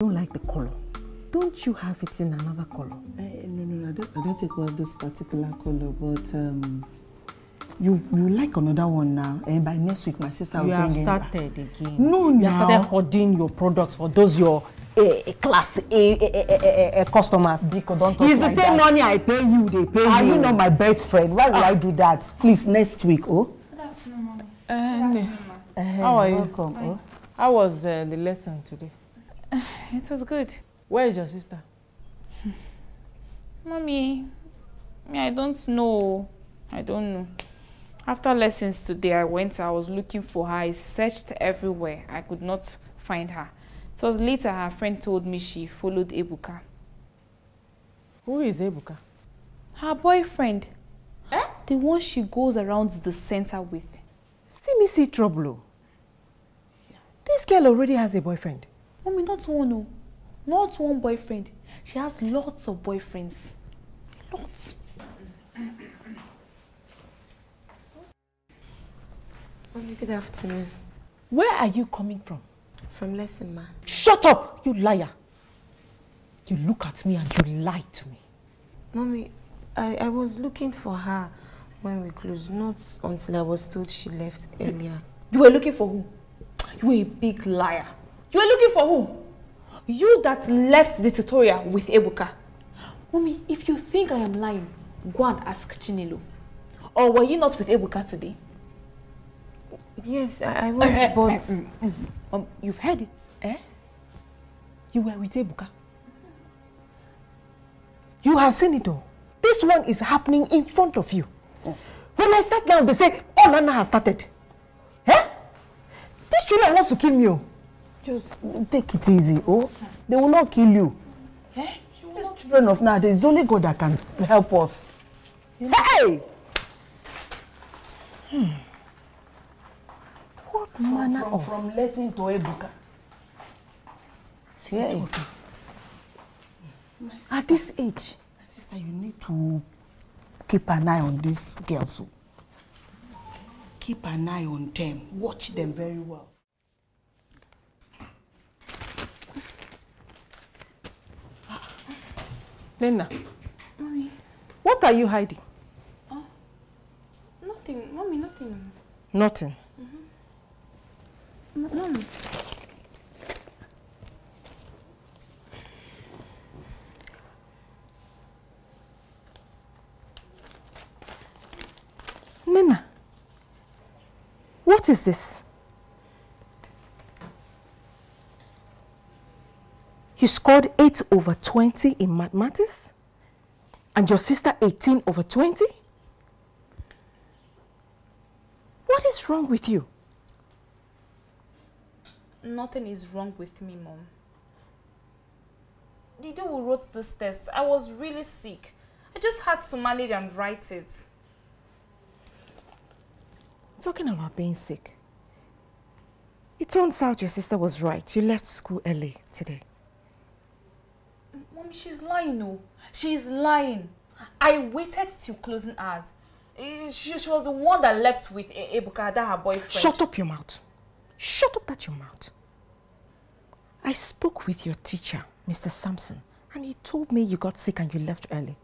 don't like the color. Don't you have it in another color? Uh, eh, no, no, I don't, I don't think we this particular color, but um, you you like another one now. And eh, by next week, my sister you will bring You have started back. again. No, you now. have started hoarding your products for those your a, eh, a class a, a, a, a, a customers. Because don't talk It's like the same that. money I pay you, they pay Are you. Are you not my best friend? Why would uh, I do that? Please, next week, oh? That's no money. Uh, Uh, How are you? Welcome, oh. How was uh, the lesson today? It was good. Where is your sister? Mommy, me, I don't know. I don't know. After lessons today, I went, I was looking for her. I searched everywhere. I could not find her. It was later her friend told me she followed Ebuka. Who is Ebuka? Her boyfriend. Eh? The one she goes around the center with. See me see trouble. Oh. This girl already has a boyfriend. Mommy, not one, no. Oh. Not one boyfriend. She has lots of boyfriends. Lots. Mommy, good afternoon. Where are you coming from? From lesson, ma. Shut up, you liar. You look at me and you lie to me. Mommy, I, I was looking for her when we closed, not until I was told she left earlier. You were looking for who? You were a big liar. You are looking for who? You that left the tutorial with Ebuka. Mommy, if you think I am lying, go and ask Chinilu. Or were you not with Ebuka today? Yes, I, was, eh, eh, but... Eh, mm, mm. um, you've heard it, eh? You were with Ebuka. You have seen it all. This one is happening in front of you. Oh. When I sat down, they say, oh, Nana has started. Eh? This children wants to kill me. Oh. Just take it easy, oh. They will not kill you. Eh? These children of now, there's only God that can help us. You Hey! Hmm. What from, manner from, of... From letting to Ebuka. Yeah. Hey. Sister, At this age, my sister, you need to keep an eye on these girls. Oh. Keep an eye on them. Watch them very well. Lena. Mommy. What are you hiding? Oh, nothing. Mommy, nothing. Nothing? Mm -hmm. Mommy. Lena, what is this? You scored 8 over 20 in mathematics? And your sister 18 over 20? What is wrong with you? Nothing is wrong with me, Mom. The day we wrote this test, I was really sick. I just had to manage and write it. Talking about being sick, it turns out your sister was right. You left school early today. Mommy, um, she's lying, no. Oh. She's lying. I waited till closing hours. She, she was the one that left with Ebuka, that her boyfriend. Shut up your mouth. Shut up that your mouth. I spoke with your teacher, Mr. Sampson, and he told me you got sick and you left early.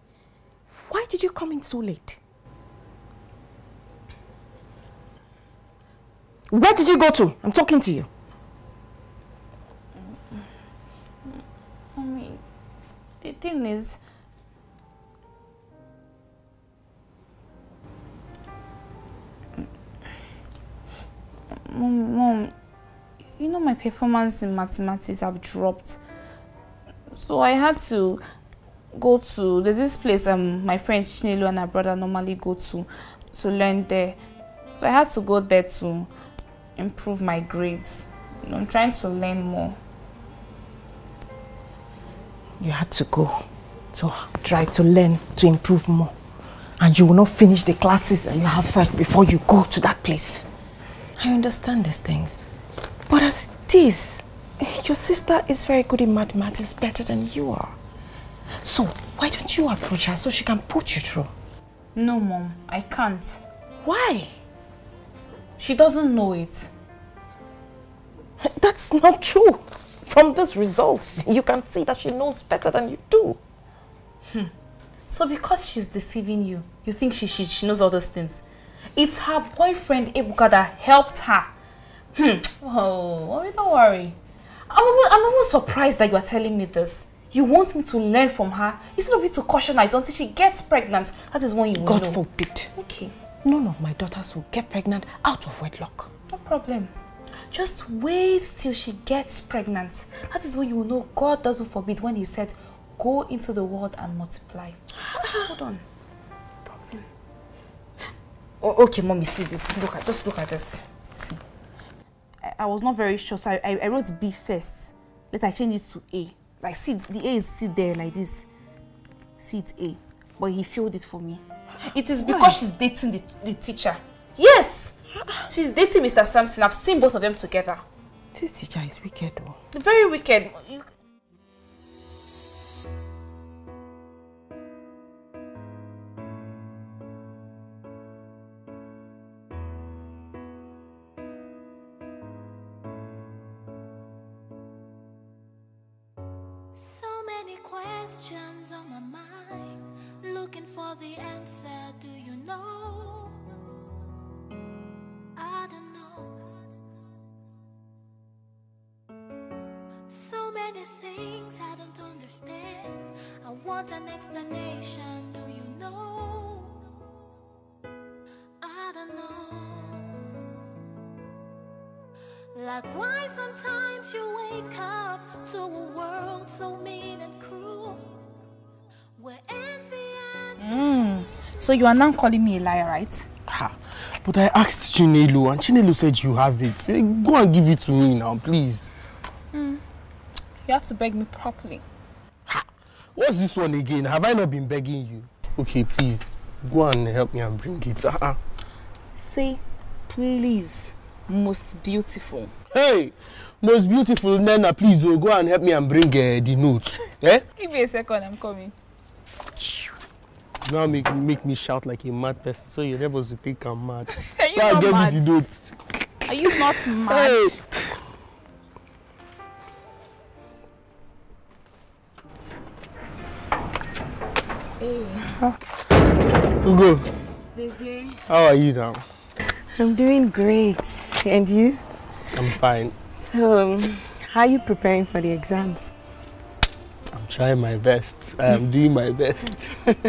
Why did you come in so late? Where did you go to? I'm talking to you. Mommy, the thing is mom, mom you know my performance in mathematics have dropped so i had to go to there's this place um my friends Chinelo and her brother normally go to to learn there so i had to go there to improve my grades i'm trying to learn more you had to go to try to learn to improve more. And you will not finish the classes that you have first before you go to that place. I understand these things. But as it is, your sister is very good in mathematics, better than you are. So, why don't you approach her so she can put you through? No, Mom, I can't. Why? She doesn't know it. That's not true. From these results, you can see that she knows better than you do. Hmm. So because she's deceiving you, you think she, she, she knows all those things. It's her boyfriend, Ebuka, that helped her. Hmm. Oh, oh don't worry. I'm even, I'm even surprised that you are telling me this. You want me to learn from her instead of you to caution her until she gets pregnant. That is when you God will God forbid. Okay. None of my daughters will get pregnant out of wedlock. No problem. Just wait till she gets pregnant. That is when you will know God doesn't forbid when he said, go into the world and multiply. Hold on. Oh, okay, mommy, see this. Look at, just look at this. See. I, I was not very sure, so I, I, I wrote B first. Let I change it to A. Like, see, the A is still there like this. See, it's A. But he filled it for me. It is because Why? she's dating the, the teacher. Yes! She's dating Mr. Sampson. I've seen both of them together. This teacher is wicked though. Very wicked. So you are now calling me a liar, right? Ha. But I asked Chinelo and Chinelo said you have it. go and give it to me now, please. Mm. You have to beg me properly. Ha. What's this one again? Have I not been begging you? Okay, please, go and help me and bring it. Uh -uh. Say, please, most beautiful. Hey, most beautiful Nena, please oh, go and help me and bring uh, the note. eh? Give me a second, I'm coming. now make make me shout like a mad person so your neighbors will think I'm mad. Are you now not mad? Me the notes. Are you not mad? Hey. Hey. Ugo. How are you now? I'm doing great. And you? I'm fine. So, um, how are you preparing for the exams? I'm trying my best. I'm doing my best.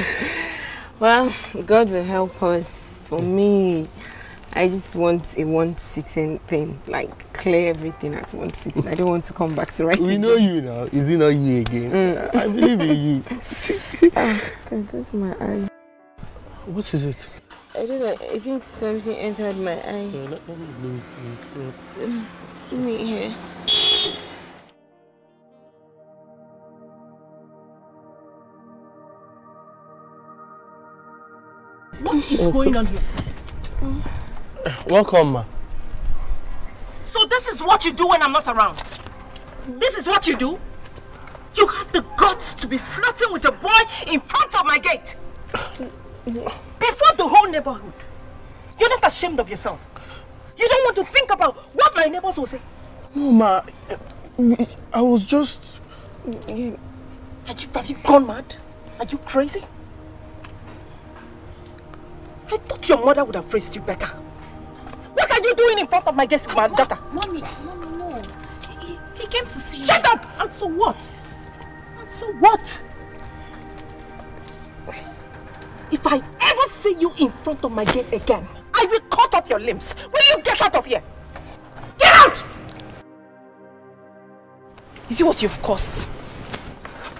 well, God will help us. For me, I just want a one sitting thing, like clear everything at one sitting. I don't want to come back to writing. We know you now. Is it not you again? Mm. I believe in you. ah, that's my eye. What is it? I don't know. I think something entered my eye. let, let me, let me, let me. me here. is also. going on here? Welcome, ma. So this is what you do when I'm not around? This is what you do? You have the guts to be flirting with a boy in front of my gate. Before the whole neighborhood. You're not ashamed of yourself. You don't want to think about what my neighbors will say. No, ma. I was just... Are you, have you gone mad? Are you crazy? I thought your mother would have raised you better. What are you doing in front of my guest, my daughter? Mommy, mommy, no. He, he came to see Shut me. up! And so what? And so what? If I ever see you in front of my gate again, I will cut off your limbs. Will you get out of here? Get out! You see what you've caused?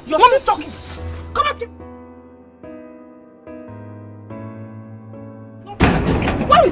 You're Mommy, talking.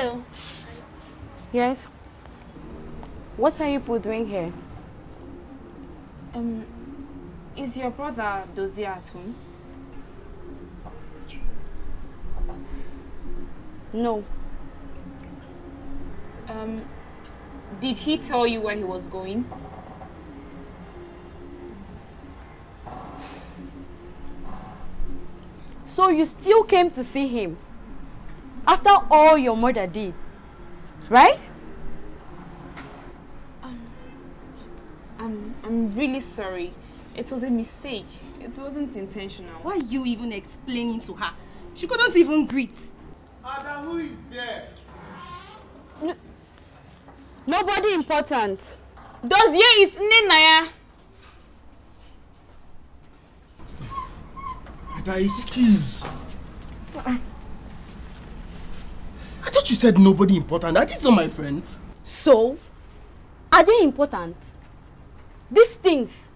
Hello. Yes. What are you people doing here? Um, is your brother he at home? No. Um, did he tell you where he was going? So you still came to see him? After all your mother did. Right? Um, I'm, I'm really sorry. It was a mistake. It wasn't intentional. Why are you even explaining to her? She couldn't even greet. Ada, who is there? No, nobody important. ye is Ninaya. Ada, excuse. Uh -uh. I thought you said nobody important. Are these not my friends? So? Are they important? These things?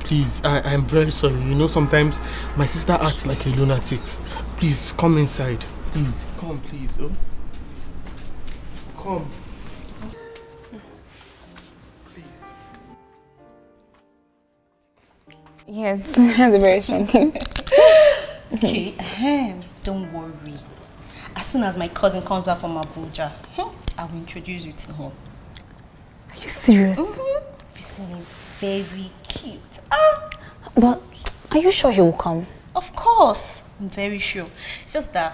Please, I, I'm very sorry. You know, sometimes my sister acts like a lunatic. Please, come inside. Please, come, please. Oh. Come. Yes, that's very strong Okay, don't worry. As soon as my cousin comes back from Abuja, I will introduce you to him. Are you serious? Mm -hmm. very cute. Ah. But are you sure he will come? Of course. I'm very sure. It's just that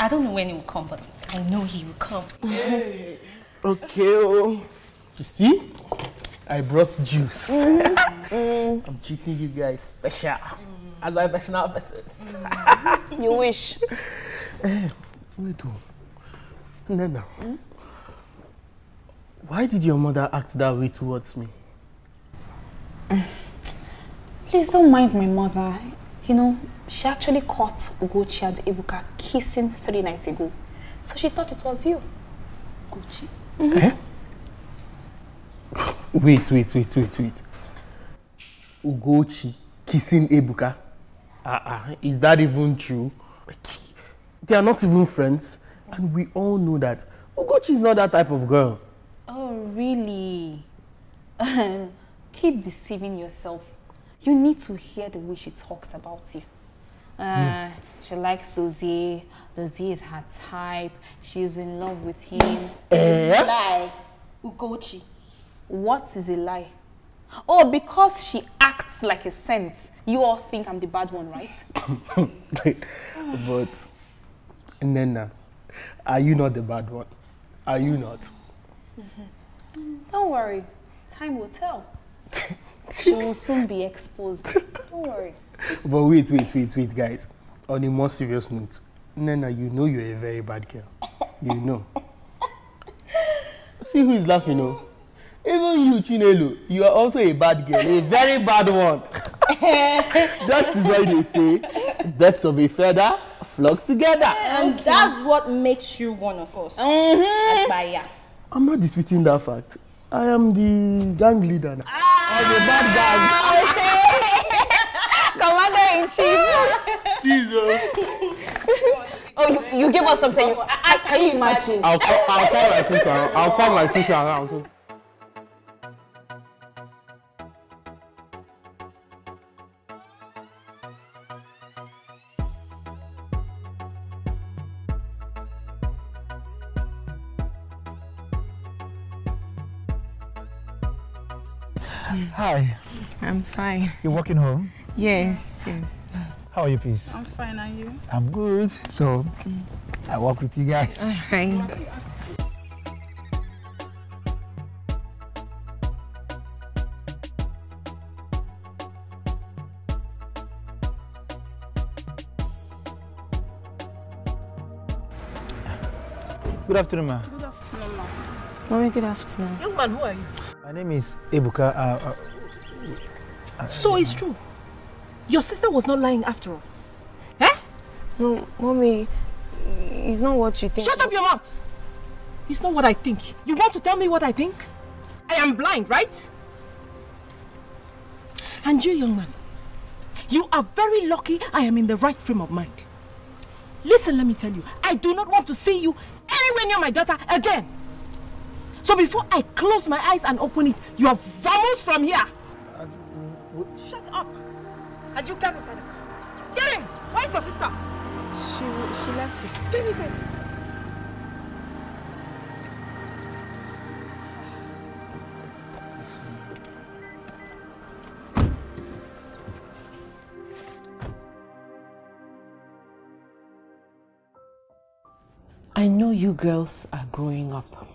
I don't know when he will come, but I know he will come. Hey. Okay. Oh. You see? I brought juice. Mm -hmm. I'm treating you guys special mm-hmm. as my personal verses. Mm-hmm. you wish. Eh, wait, oh. Nena, mm? why did your mother act that way towards me? Please don't mind my mother. You know, she actually caught Ugochi and Ibuka kissing three nights ago. So she thought it was you. Ugochi? Mm -hmm. eh? Mm-hmm. Wait, wait, wait, wait, wait. Ugochi kissing Ebuka? Uh-uh, is that even true? They are not even friends. And we all know that Ugochi is not that type of girl. Oh, really? Keep deceiving yourself. You need to hear the way she talks about you. Uh, hmm. She likes Dozie. Dozie is her type. She's in love with him. Eh? Like Ugochi. What is a lie? Oh, because she acts like a saint. You all think I'm the bad one, right? but, Nena, are you not the bad one? Are you not? Mm-hmm. Don't worry. Time will tell. she will soon be exposed. Don't worry. But wait, wait, wait, wait, guys. On a more serious note, Nena, you know you're a very bad girl. You know. See who is laughing, oh? even you chinelo you are also a bad girl a very bad one that is why they say birds of a feather flock together and okay. that's what makes you one of us mm-hmm. i'm not disputing that fact i am the gang leader now. Ah, i'm a bad gang commander in chief please oh. Oh, you, you give us something. I, I, can you imagine? I'll call, I'll call my sister. I'll call my sister around. Hi. I'm fine. You're walking home? Yes, yes. How are you, please? I'm fine, are you? I'm good. So, I walk with you guys. All right. Good afternoon, ma. Good afternoon, ma. Mommy, good afternoon. Young man, who are you? My name is Ebuka. Uh, uh, so it's true. Your sister was not lying after all. Eh? No, mommy. It's not what you think. Shut up your mouth! It's not what I think. You want to tell me what I think? I am blind, right? And you, young man, you are very lucky I am in the right frame of mind. Listen, let me tell you, I do not want to see you anywhere near my daughter again. So before I close my eyes and open it, you have vamoosed from here. Shut up. And you can't him. Get him. Where's your sister? She, she left it. Get him. I know you girls are growing up.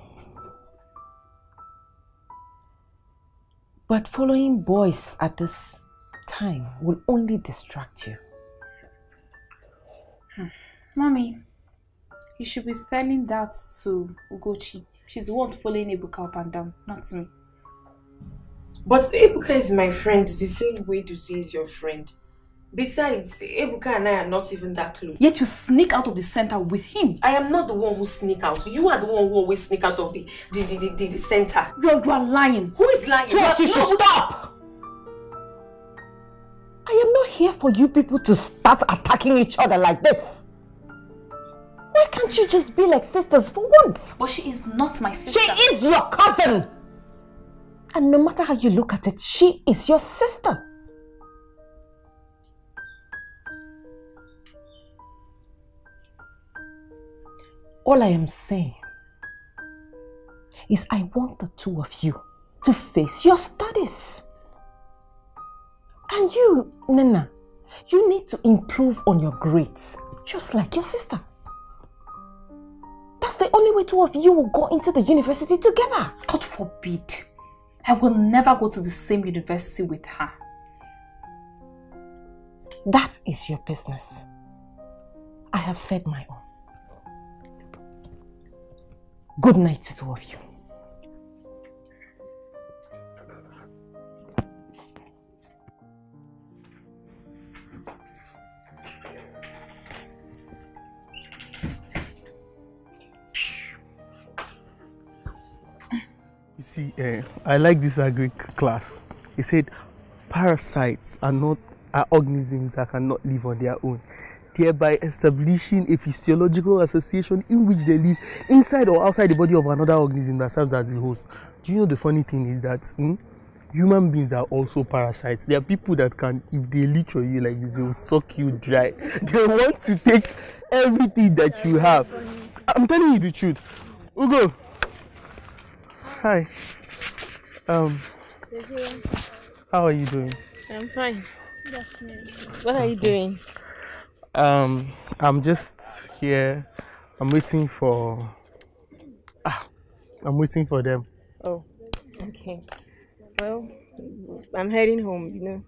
But following boys at this time will only distract you. Hmm. Mommy, you should be telling that to Ugochi. She's the one following Ibuka up and down, not me. But Ibuka is my friend the same way Dusi is your friend. Besides, Ebuka and I are not even that close. Yet you sneak out of the center with him. I am not the one who sneak out. You are the one who always sneak out of the the, the, the, the center. You are, you are lying. Who is lying? Just you, are, should stop! I am not here for you people to start attacking each other like this. Why can't you just be like sisters for once? But she is not my sister. She is your cousin! And no matter how you look at it, she is your sister. All I am saying is I want the two of you to face your studies. And you, Nana, you need to improve on your grades, just like your sister. That's the only way two of you will go into the university together. God forbid. I will never go to the same university with her. That is your business. I have said my own. Good night to all of you. You see, uh, I like this agri class. He said parasites are not are organisms that cannot live on their own thereby establishing a physiological association in which they live inside or outside the body of another organism that serves as the host. Do you know the funny thing is that hmm, human beings are also parasites. There are people that can, if they leech on you like this, they will suck you dry. they want to take everything that you have. I'm telling you the truth. Ugo. Hi. Um. How are you doing? I'm fine. What are you doing? um i'm just here i'm waiting for ah, i'm waiting for them oh okay well i'm heading home you know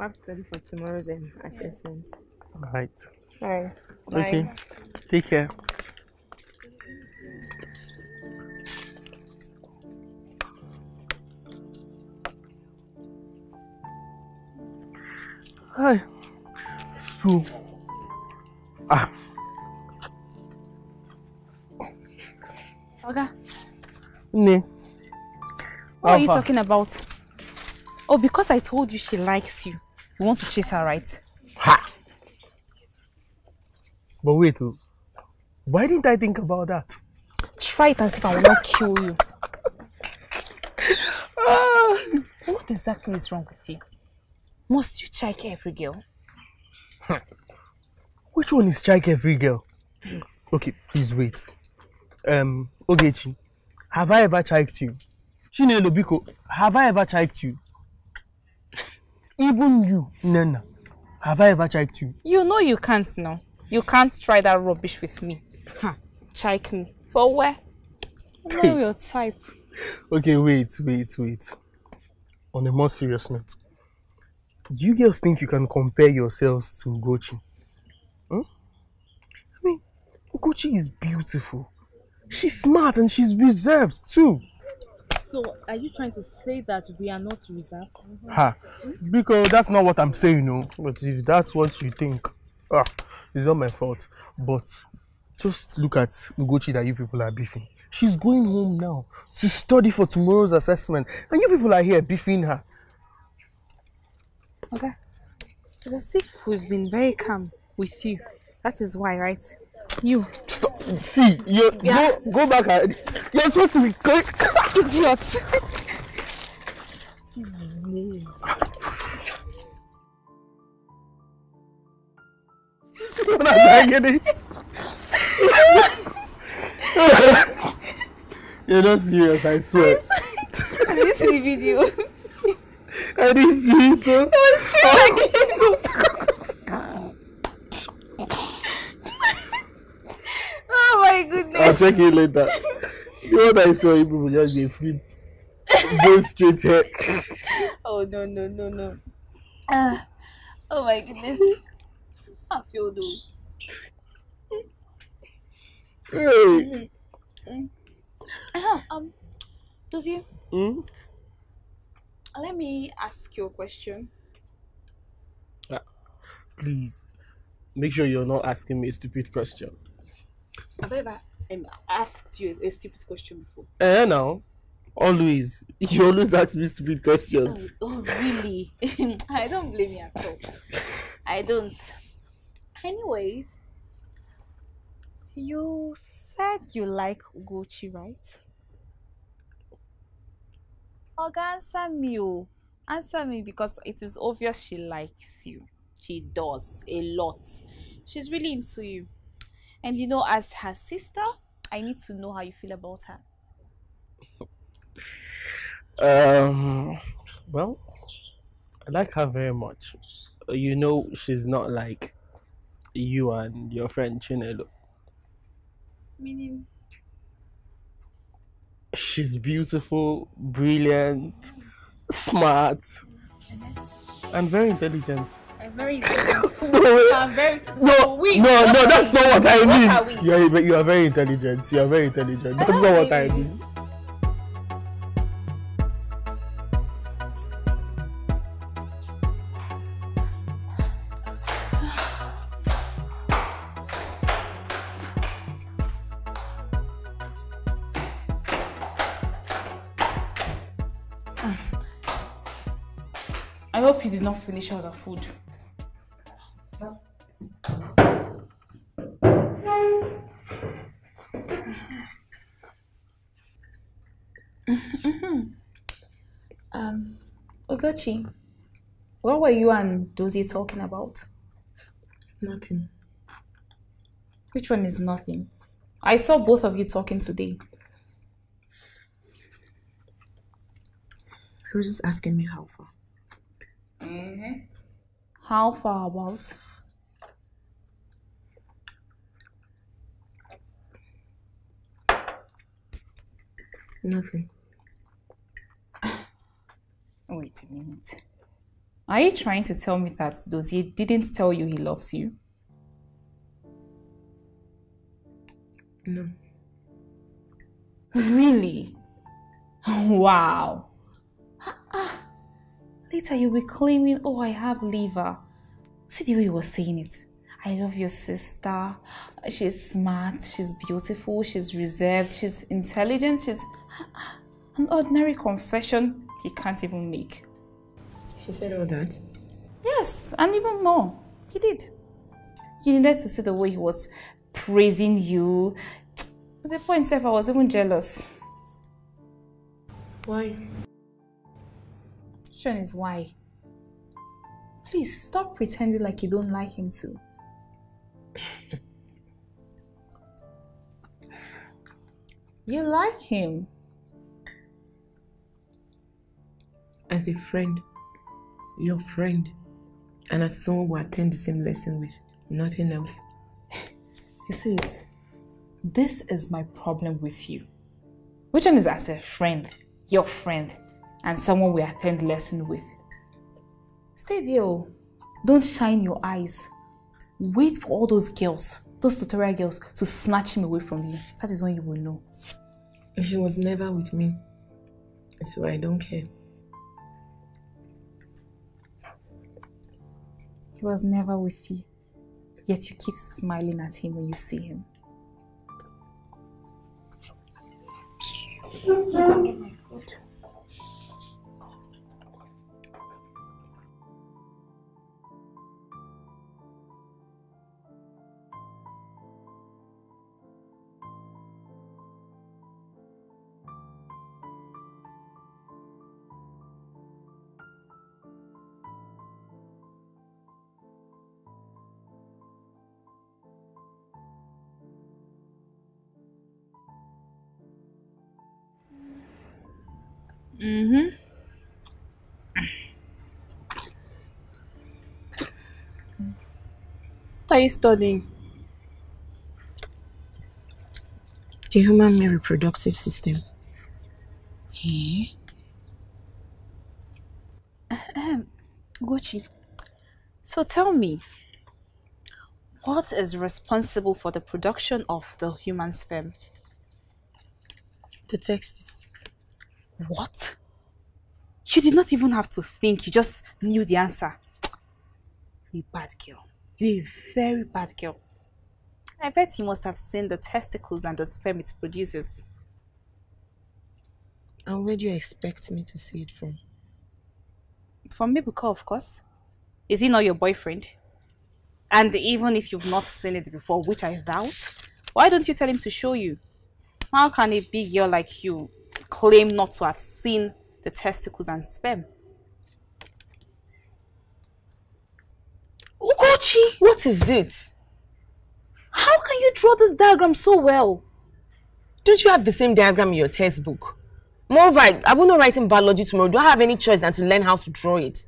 i have to study for tomorrow's um, assessment all right all right Bye. okay take care Hi. So Ah. Oga. Ne. What Alpha. are you talking about? Oh, because I told you she likes you. You want to chase her, right? Ha! But wait, oh. why didn't I think about that? Try it and see if I will not kill you. what exactly is wrong with you? Must you check every girl? Hmm. Which one is childcare free girl? Hmm. Okay, please wait. Um, Ogechi, have I ever chiked you? Chinelo Biko, have I ever chiked you? Even you, Nana, have I ever chiked you? You know you can't now. You can't try that rubbish with me. Huh. Chike me. For where? I know your type. Okay, wait, wait, wait. On a more serious note, do you girls think you can compare yourselves to Gochi? Okochi is beautiful. She's smart and she's reserved too. So, are you trying to say that we are not reserved? Mm-hmm. Ha! Because that's not what I'm saying, no. But if that's what you think, ah, it's not my fault. But just look at Ugochi that you people are beefing. She's going home now to study for tomorrow's assessment, and you people are here beefing her. Okay. It's as if we've been very calm with you. That is why, right? You. Stop. See, you yeah. go, go back. you're supposed to be going. Idiot. You're not agony. You're not serious, I swear. I didn't see the video. I didn't see it. It was true oh. again. my goodness. I'll check you later. you know what I saw you people just they sleep. Go straight here. Oh no no no no. Uh, oh my goodness. I feel those. Hey. Mm. Uh-huh. Um does you mm? let me ask you a question. Ah, please make sure you're not asking me a stupid question. Have I ever um, asked you a stupid question before? Eh, uh, no. Always. You always ask me stupid questions. Oh, oh really? I don't blame you at all. I don't. Anyways, you said you like Gucci, right? answer me. Answer me because it is obvious she likes you. She does a lot. She's really into you. And you know, as her sister, I need to know how you feel about her. Um, well, I like her very much. You know, she's not like you and your friend Chinelo. Meaning? She's beautiful, brilliant, smart, and very intelligent. I'm very no, I'm very no, no, no, that's not what I mean. What are You're, you are very intelligent. You are very intelligent. That's not what I mean. I hope you did not finish all the food. Mm-hmm. um, Ogochi, what were you and Dozie talking about? Nothing. Which one is nothing? I saw both of you talking today. He was just asking me how far. Mm -hmm. How far about? Nothing. Wait a minute. Are you trying to tell me that Dozier didn't tell you he loves you? No. Really? Wow. Later you'll be claiming, oh, I have liver. See the way he was saying it. I love your sister. She's smart, she's beautiful, she's reserved, she's intelligent, she's an ordinary confession he can't even make. He said all that? Yes, and even more. He did. You needed to see the way he was praising you. At the point is, I was even jealous. Why? Question is why. Please stop pretending like you don't like him too. you like him. as a friend, your friend, and as someone who attend the same lesson with, nothing else. you see, it's, this is my problem with you. Which one is as a friend, your friend, and someone we attend lesson with? Stay there. Oh. Don't shine your eyes. Wait for all those girls, those tutorial girls, to snatch him away from you. That is when you will know. He was never with me, so I don't care. He was never with you. Yet you keep smiling at him when you see him. Mm-hmm. What are you studying? The human male reproductive system. Yeah. Eh? Um, Gochi, so tell me, what is responsible for the production of the human sperm? The text is what? You did not even have to think, you just knew the answer. You bad girl. You're a very bad girl. I bet you must have seen the testicles and the sperm it produces. And where do you expect me to see it from? From Mibuka, of course. Is he not your boyfriend? And even if you've not seen it before, which I doubt, why don't you tell him to show you? How can a big girl like you claim not to have seen the testicles and sperm. Ugochi! What is it? How can you draw this diagram so well? Don't you have the same diagram in your textbook? Moreover, I will not write in biology tomorrow. Do I have any choice than to learn how to draw it?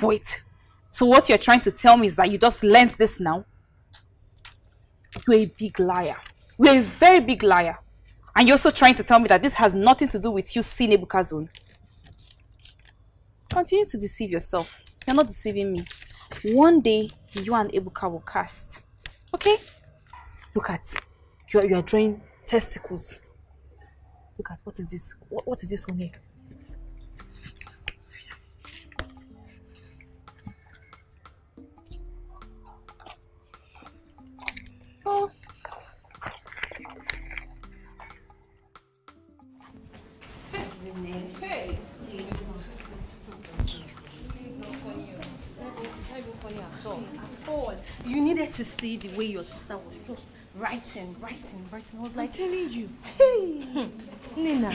Wait. So what you're trying to tell me is that you just learned this now? You're a big liar. You're a very big liar. And you're also trying to tell me that this has nothing to do with you seeing Ebukazon. Continue to deceive yourself. You're not deceiving me. One day, you and Ebuka will cast. Okay? Look at, you are, you are drawing testicles. Look at, what is this? What, what is this on here? Oh. forward. You needed to see the way your sister was just writing, writing, writing. I was like, I'm telling you. Hey, hmm. Nina,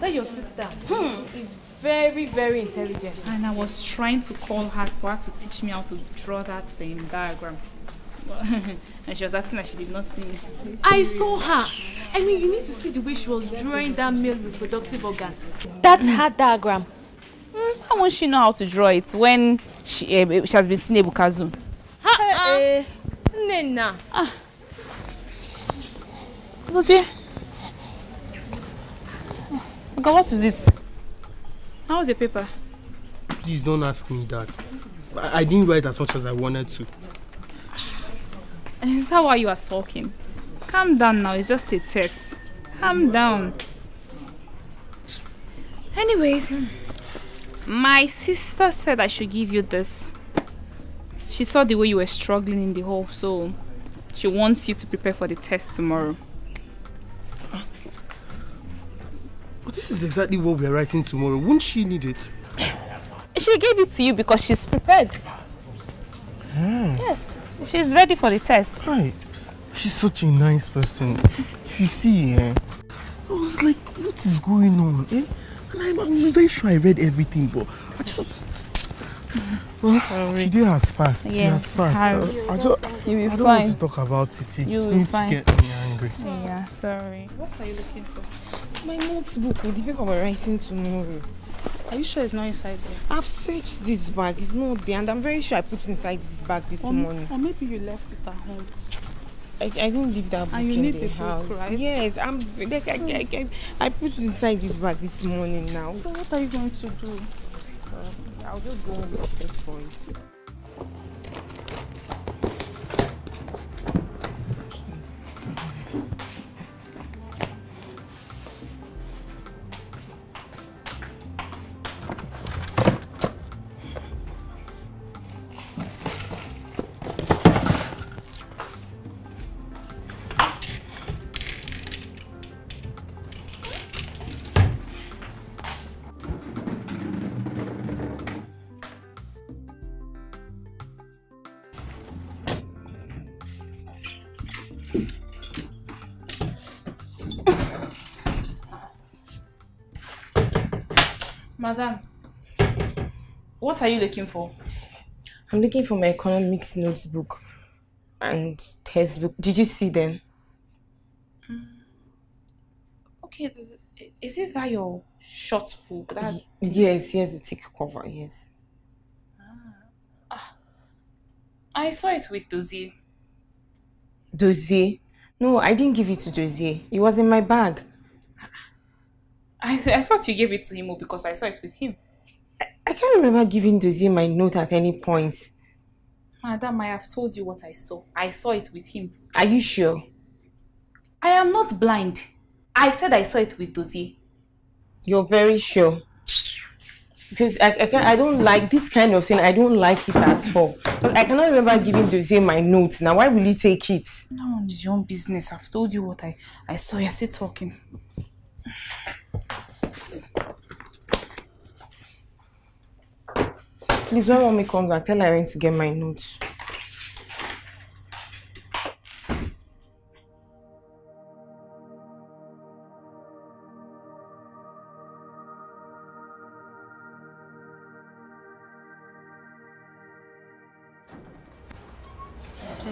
that your sister hmm. is very, very intelligent. And I was trying to call her to her to teach me how to draw that same diagram. and she was acting like she did not see me. I saw her. I mean, you need to see the way she was drawing that male reproductive organ. That's her diagram. Hmm. how won't she know how to draw it when she, uh, she has been seeing Ebukazu? Nena. Ah. Dozie. Okay, what is it? How was your paper? Please don't ask me that. I, I didn't write as much as I wanted to. Is that why you are sulking? Calm down now, it's just a test. Calm down. Anyway, my sister said I should give you this. She saw the way you were struggling in the hall, so she wants you to prepare for the test tomorrow. But this is exactly what we're writing tomorrow. Won't she need it? she gave it to you because she's prepared. Yeah. Hmm. Yes, she's ready for the test. Right. She's such a nice person. If you see, eh, I was like, what is going on? Eh? And I'm, I very sure I read everything, but I just... Well, today has passed. Yes, has passed. has. I, I, just, You'll be I don't fine. want to talk about it. It's You'll going to get me angry. Yeah, sorry. What are you looking for? My notebook with the paper we're writing tomorrow. Are you sure it's not inside there? I've searched this bag. It's not there. And I'm very sure I put inside this bag this or, morning. Or maybe you left it at home. I, I didn't leave that book and you in need the, the house. Book, right? Yes, I'm. Like, I, I, I, I put it inside this bag this morning now. So what are you going to do? I'll just go on the set points. Madam, what are you looking for? I'm looking for my economics notebook and textbook. Did you see them? Mm. Okay, is it that your short book? That yes, yes, the thick cover, yes. Ah. ah. I saw it with Dozie. Dozie? No, I didn't give it to Dozie. It was in my bag. I, I thought you gave it to him because I saw it with him. I, I can't remember giving to my note at any point. Madam, I have told you what I saw. I saw it with him. Are you sure? I am not blind. I said I saw it with Dozie. You're very sure. Because I, I, can, I don't like this kind of thing. I don't like it at all. But I cannot remember giving Dozie my notes. Now, why will you take it? No, it's your own business. I've told you what I, I saw. You're still talking. Please, when mommy comes back, tell her I went to get my notes.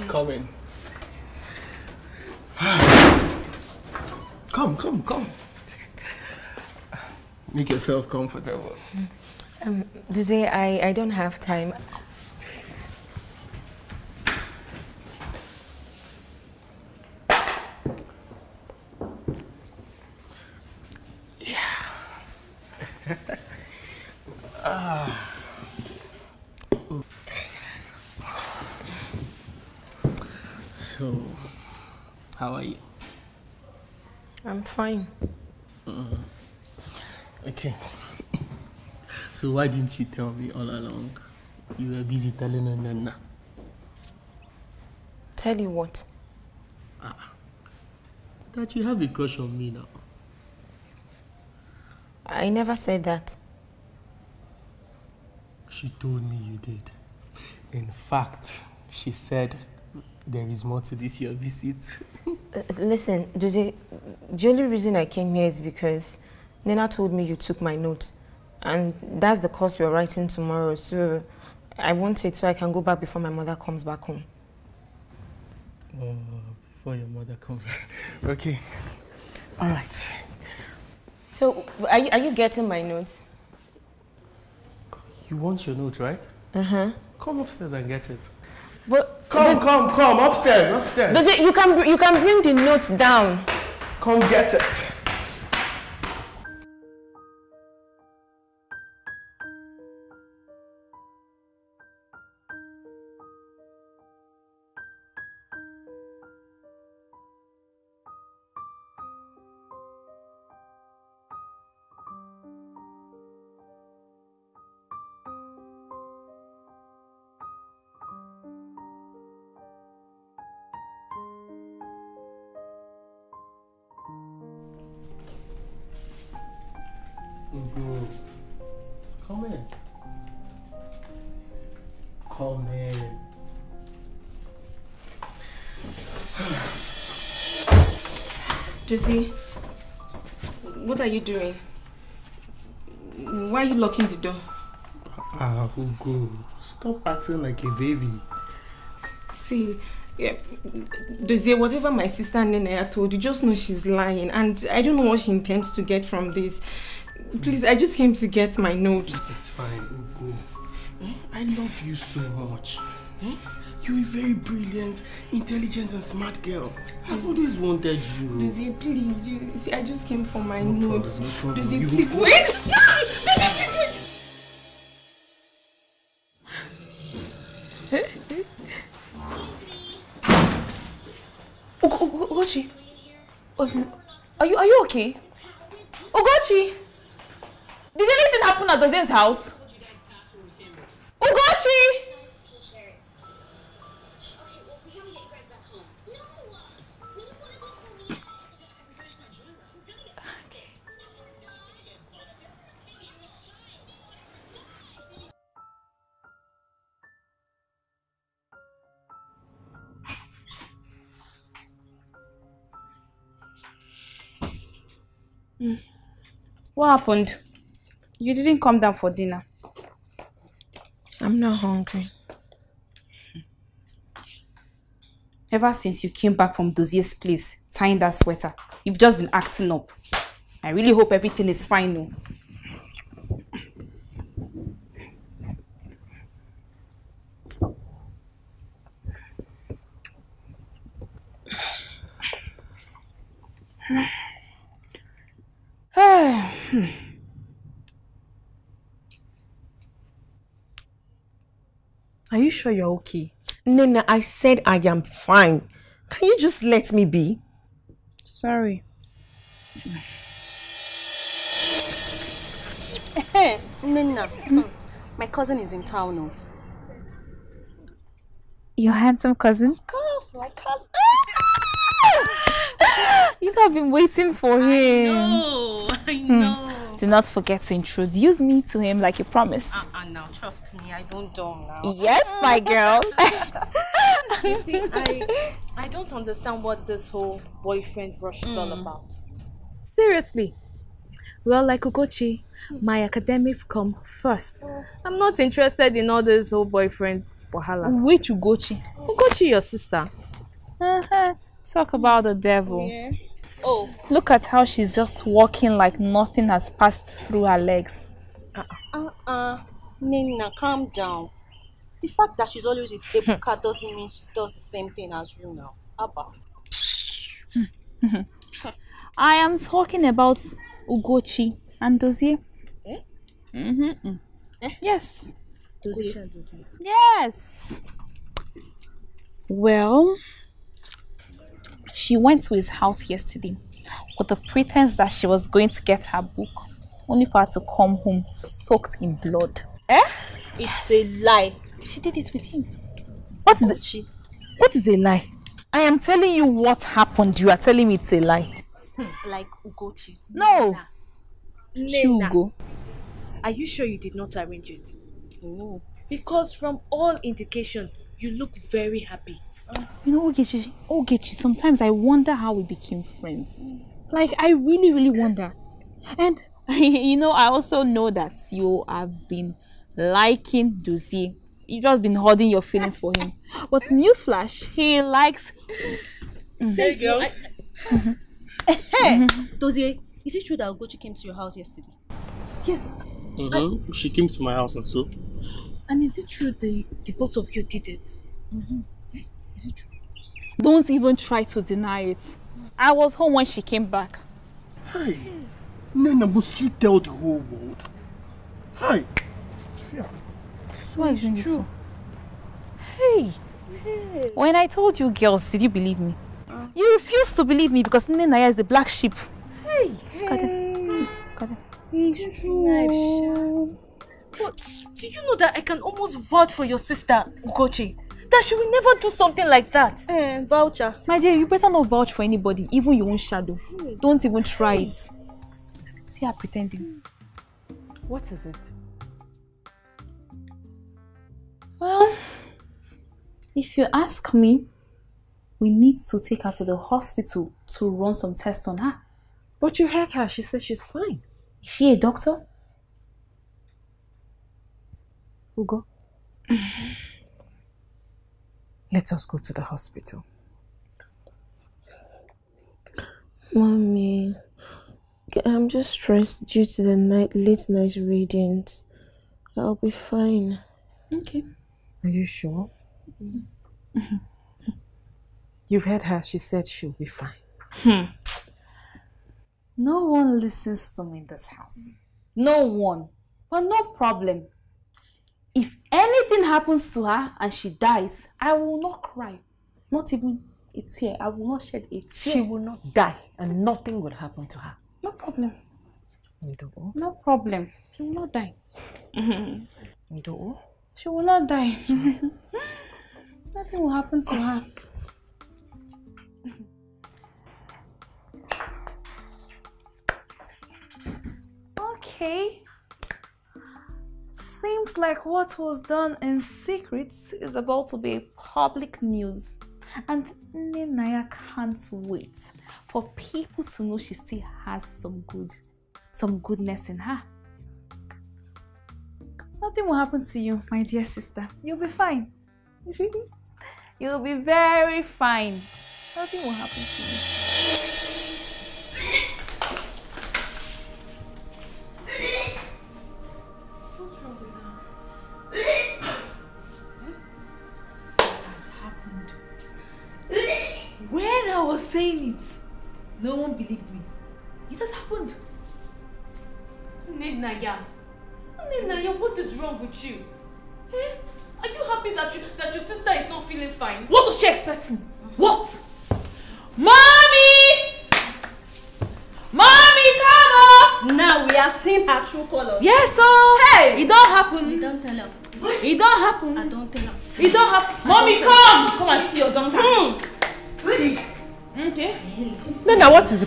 Come in. come, come, come. Make yourself comfortable. Mm. Um, I, I don't have time. Yeah. So, how are you? I'm fine. So why didn't you tell me all along? You were busy telling her Nana. Tell you what? Ah, that you have a crush on me now. I never said that. She told me you did. In fact, she said there is more to this your visit. uh, listen, Josie, the only reason I came here is because Nina told me you took my note and that's the course we're writing tomorrow. So I want it so I can go back before my mother comes back home. Oh, before your mother comes back. okay. All right. So are you, are you getting my notes? You want your note, right? Uh-huh. Come upstairs and get it. But come, come, come, upstairs, upstairs. Does it, you, can, you can bring the notes down. Come get it. Josie, what are you doing? Why are you locking the door? Ah, Ugo, stop acting like a baby. See, yeah, Dozie, whatever my sister Nenea told you, just know she's lying and I don't know what she intends to get from this. Please, I just came to get my notes. It's fine, Ugo. Eh? I love you so much. Eh? You're a very brilliant, intelligent and smart girl. I've always wanted you. Dozie, please. You, see, I just came for my no notes. Problem, no Duzi, please wait. No! Duzi, please wait. Ogochi. Um, are you are you okay? Ogochi. Did anything happen at Dozie's house? Ogochi. What happened? You didn't come down for dinner. I'm not hungry. Ever since you came back from Dozier's place, tying that sweater, you've just been acting up. I really hope everything is fine. Though. you sure you're okay? Nina, I said I am fine. Can you just let me be? Sorry. Nina, hmm. my cousin is in town now. Oh. Your handsome cousin? Of course, my cousin. you have been waiting for him. I know, I hmm. know. Hmm. Do not forget to introduce me to him like you promised. Uh, uh, now, trust me, I don't dumb now. Yes, my girl. you see, I, I don't understand what this whole boyfriend rush is mm. all about. Seriously. Well, like Ugochi, my academics come first. I'm not interested in all this whole boyfriend wahala. Which Ugochi? Ugochi, your sister. Uh-huh. Talk about the devil. Yeah. Oh. Look at how she's just walking like nothing has passed through her legs. Uh-uh. Nina, calm down. The fact that she's always with Ebuka hmm. doesn't mean she does the same thing as you now. Abba. Hmm. I am talking about Ugochi and Dozie. Eh? Mm-hmm. -mm. Eh? Yes. Dozie. Yes. Well, she went to his house yesterday with the pretense that she was going to get her book, only for her to come home soaked in blood. Eh? It's yes. a lie. She did it with him. What is it? She? What is a lie? I am telling you what happened. You are telling me it's a lie. Hmm, like Ugochi. No. Nena. Are you sure you did not arrange it? Oh. Because from all indication, you look very happy. You know, Ogechi, Ogechi, sometimes I wonder how we became friends. Like, I really, really wonder. And, you know, I also know that you have been liking Duzi. You've just been holding your feelings for him. But newsflash, he likes... Hey, girls. I... hey, mm-hmm. Dozie, is it true that Ogochi came to your house yesterday? Yes. Mm -hmm. I... She came to my house and so. And is it true the, the both of you did it? Mm -hmm. Is it true? Don't even try to deny it. I was home when she came back. Hey, Nana, must you tell the whole world? Hey! So what is true? true? Hey. hey! When I told you girls, did you believe me? Uh. You refused to believe me because Nina is the black sheep. Hey! hey. it. It's true. But do you know that I can almost vouch for your sister, Ugoche? that she will never do something like that. Eh, voucher. My dear, you better not vouch for anybody, even your own shadow. Don't even try it. See her pretending. What is it? Well, if you ask me, we need to take her to the hospital to run some tests on her. But you have her. She says she's fine. Is she a doctor? Ugo. Let us go to the hospital. Mommy, I'm just stressed due to the night late night readings. I'll be fine. Okay. Are you sure? Yes. You've heard her. She said she'll be fine. Hmm. No one listens to me in this house. No one. But no problem. If anything happens to her and she dies, I will not cry. Not even a tear. I will not shed a tear. She will not die and nothing will happen to her. No problem. Ndoo. No problem. She will not die. Ndoo. She will not die. nothing will happen to her. Okay seems like what was done in secret is about to be public news. And Ninaya can't wait for people to know she still has some good, some goodness in her. Nothing will happen to you, my dear sister. You'll be fine. You'll be very fine. Nothing will happen to you.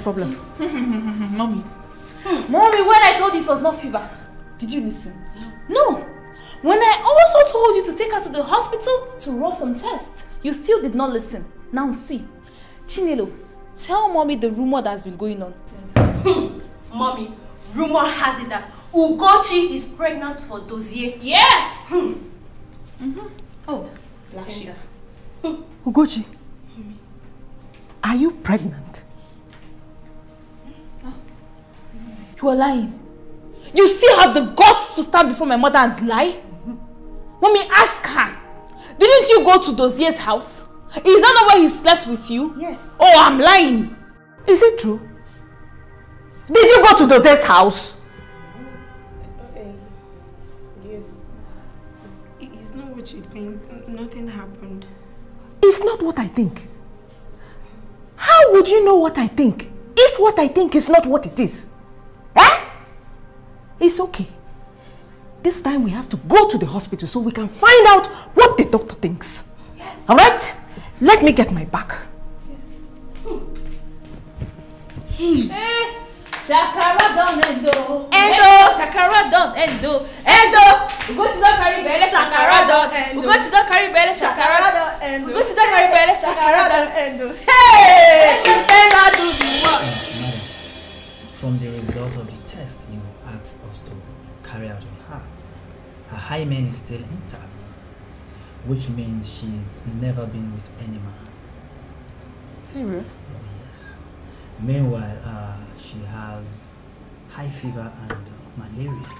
problem? Mommy. Mommy, when I told you it was not fever, did you listen? No. When I also told you to take her to the hospital to run some tests, you still did not listen. Now see. Chinelo, tell mommy the rumor that's been going on. mommy, rumor has it that Ugochi is pregnant for Dozie. Yes! Mm -hmm. Mm-hmm. Oh, black sheep. Hmm. Ugochi, are you pregnant? You are lying. You still have the guts to stand before my mother and lie? me ask her. Didn't you go to Dozier's house? Is that not where he slept with you? Yes. Oh, I'm lying. Is it true? Did you go to Dozier's house? Uh, yes. It's not what you think. Nothing happened. It's not what I think. How would you know what I think if what I think is not what it is? Eh? It's okay. This time we have to go to the hospital so we can find out what the doctor thinks. Yes. All right? Let me get my bag. Yes. Hey. Eh. Shakara don endo. Endo. Eh, Shakara don endo. Endo. go to the belle. Shakara don endo. Ugochi don carry belle. Shakara don endo. Ugochi don carry belle. Shakara don endo. Hey! You cannot do the work. From the result of carried out on her. Her hymen is still intact, which means she's never been with any man. Serious? Oh, yes. Meanwhile, uh, she has high fever and uh, malaria.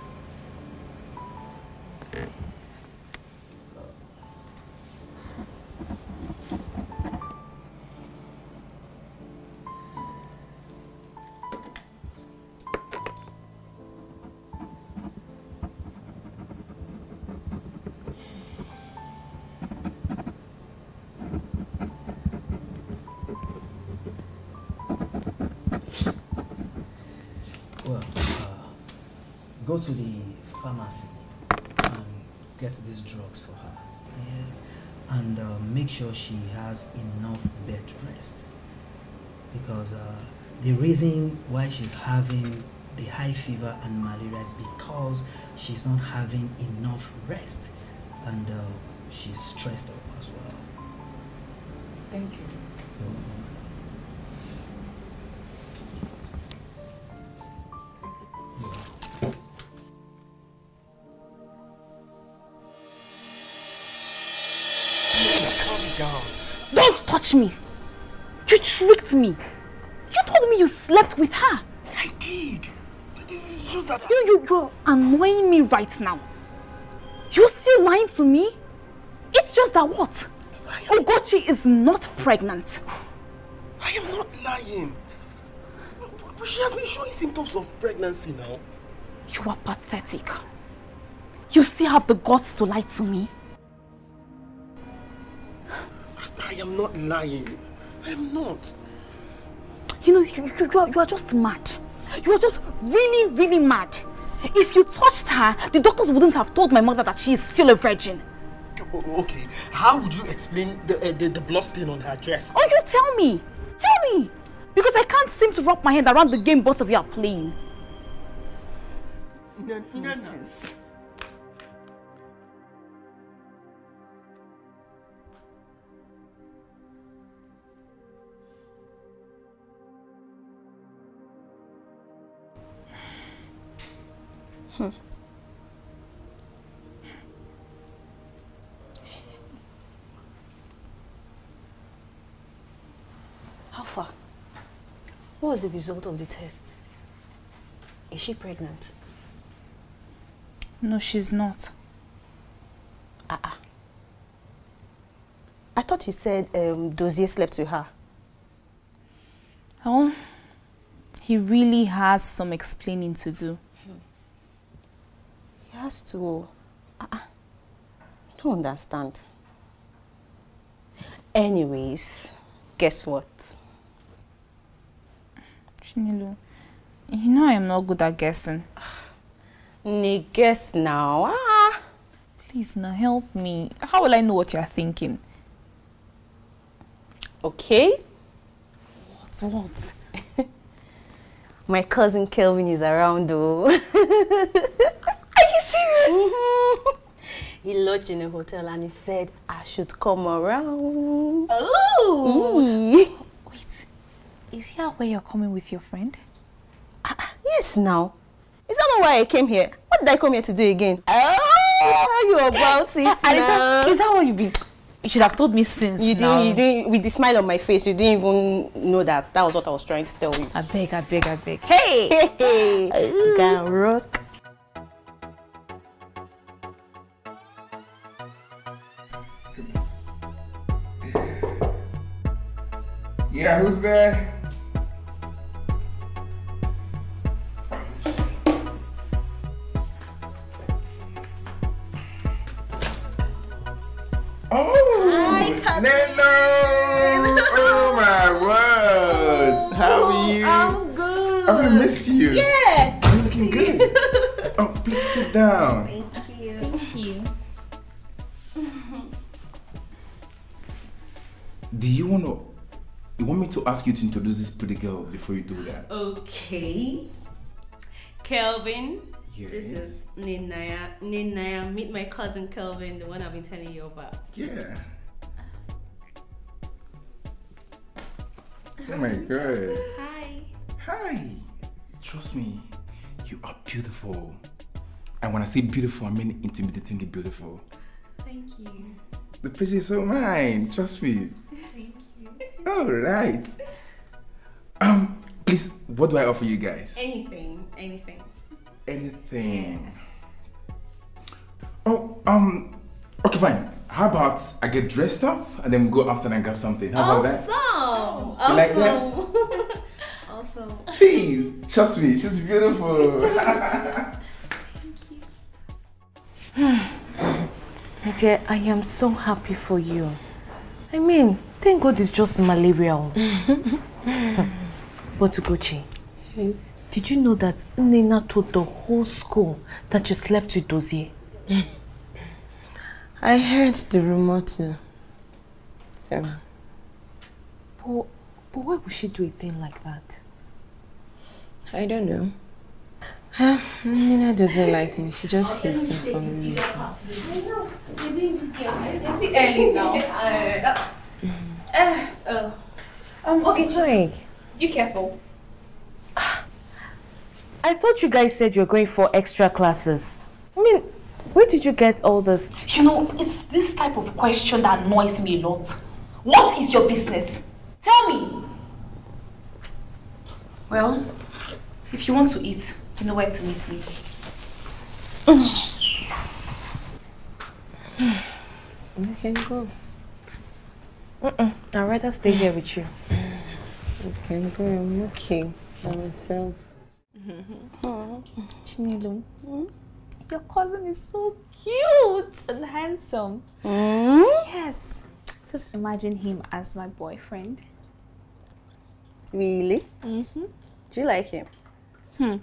go to the pharmacy and get these drugs for her. Yes. And uh, make sure she has enough bed rest. Because uh, the reason why she's having the high fever and malaria is because she's not having enough rest and uh, she's stressed up as well. Thank you. me. You tricked me. You told me you slept with her. I did. it's just that... You, you, you're annoying me right now. You're still lying to me? It's just that what? I Ogochi is not pregnant. I am not lying. But she has been showing symptoms of pregnancy now. You are pathetic. You still have the guts to lie to me? I am not lying. I am not. You know, you, you, you, are, you are just mad. You are just really, really mad. If you touched her, the doctors wouldn't have told my mother that she is still a virgin. Okay, how would you explain the, uh, the, the blood stain on her dress? Oh, you tell me. Tell me. Because I can't seem to wrap my head around the game both of you are playing. Nonsense. Hmm. How far? What was the result of the test? Is she pregnant? No, she's not. Ah, uh -uh. I thought you said um, Dozier slept with her. Oh, he really has some explaining to do has to... Uh, I don't understand. Anyways, guess what? you know I am not good at guessing. Nay, guess now. Ah. Please, now help me. How will I know what you are thinking? Okay. What, what? My cousin Kelvin is around though. serious? he lodged in a hotel and he said I should come around. Oh! Mm. Wait, is here where you're coming with your friend? Uh, yes, now. Is that not why I came here? What did I come here to do again? Oh! I'll tell you about it now. That, is that what you've been... You should have told me since You didn't, you didn't, with the smile on my face, you didn't even know that that was what I was trying to tell you. I beg, I beg, I beg. Hey! Hey! hey. rock. Yeah, who's there? Oh, Hi, Nello! oh my word! How are oh, you? I'm good. I've really missed you. Yeah. I'm looking good. oh, please sit down. Thank you. Thank you. Do you want to you want me to ask you to introduce this pretty girl before you do that? Okay. Kelvin. Yes. This is Ninaya. Ninaya, meet my cousin Kelvin, the one I've been telling you about. Yeah. Oh my god. Hi. Hi. Trust me, you are beautiful. And when I say beautiful, I mean intimidatingly beautiful. Thank you. The picture is all mine. Trust me. All right. Um, please, what do I offer you guys? Anything, anything. Anything. Yes. Oh, um, okay, fine. How about I get dressed up and then we go outside and grab something? How awesome. about that? Awesome! Awesome! Like awesome. Jeez, trust me, she's beautiful. Thank you. My dear, I am so happy for you. I mean, Thank God it's just malaria. but oh. Ugochi, yes. did you know that Nina told the whole school that you slept with Dozie? I heard the rumor too. So. But, but why would she do a thing like that? I don't know. Huh? Nina doesn't like me. She just hates me for no It's early now. Uh, uh, oh. Um, okay, Chinwe. You careful. I thought you guys said you were going for extra classes. I mean, where did you get all this? You know, it's this type of question that annoys me a lot. What is your business? Tell me! Well, if you want to eat, you know where to meet me. Mm. you can go. Mm-mm. I'd rather stay here with you. Okay, go. I'm mm-hmm. okay by myself. Chinilo, mm-hmm. your cousin is so cute and handsome. Mm? Yes. Just imagine him as my boyfriend. Really? Mm-hmm. Do you like him? Hmm.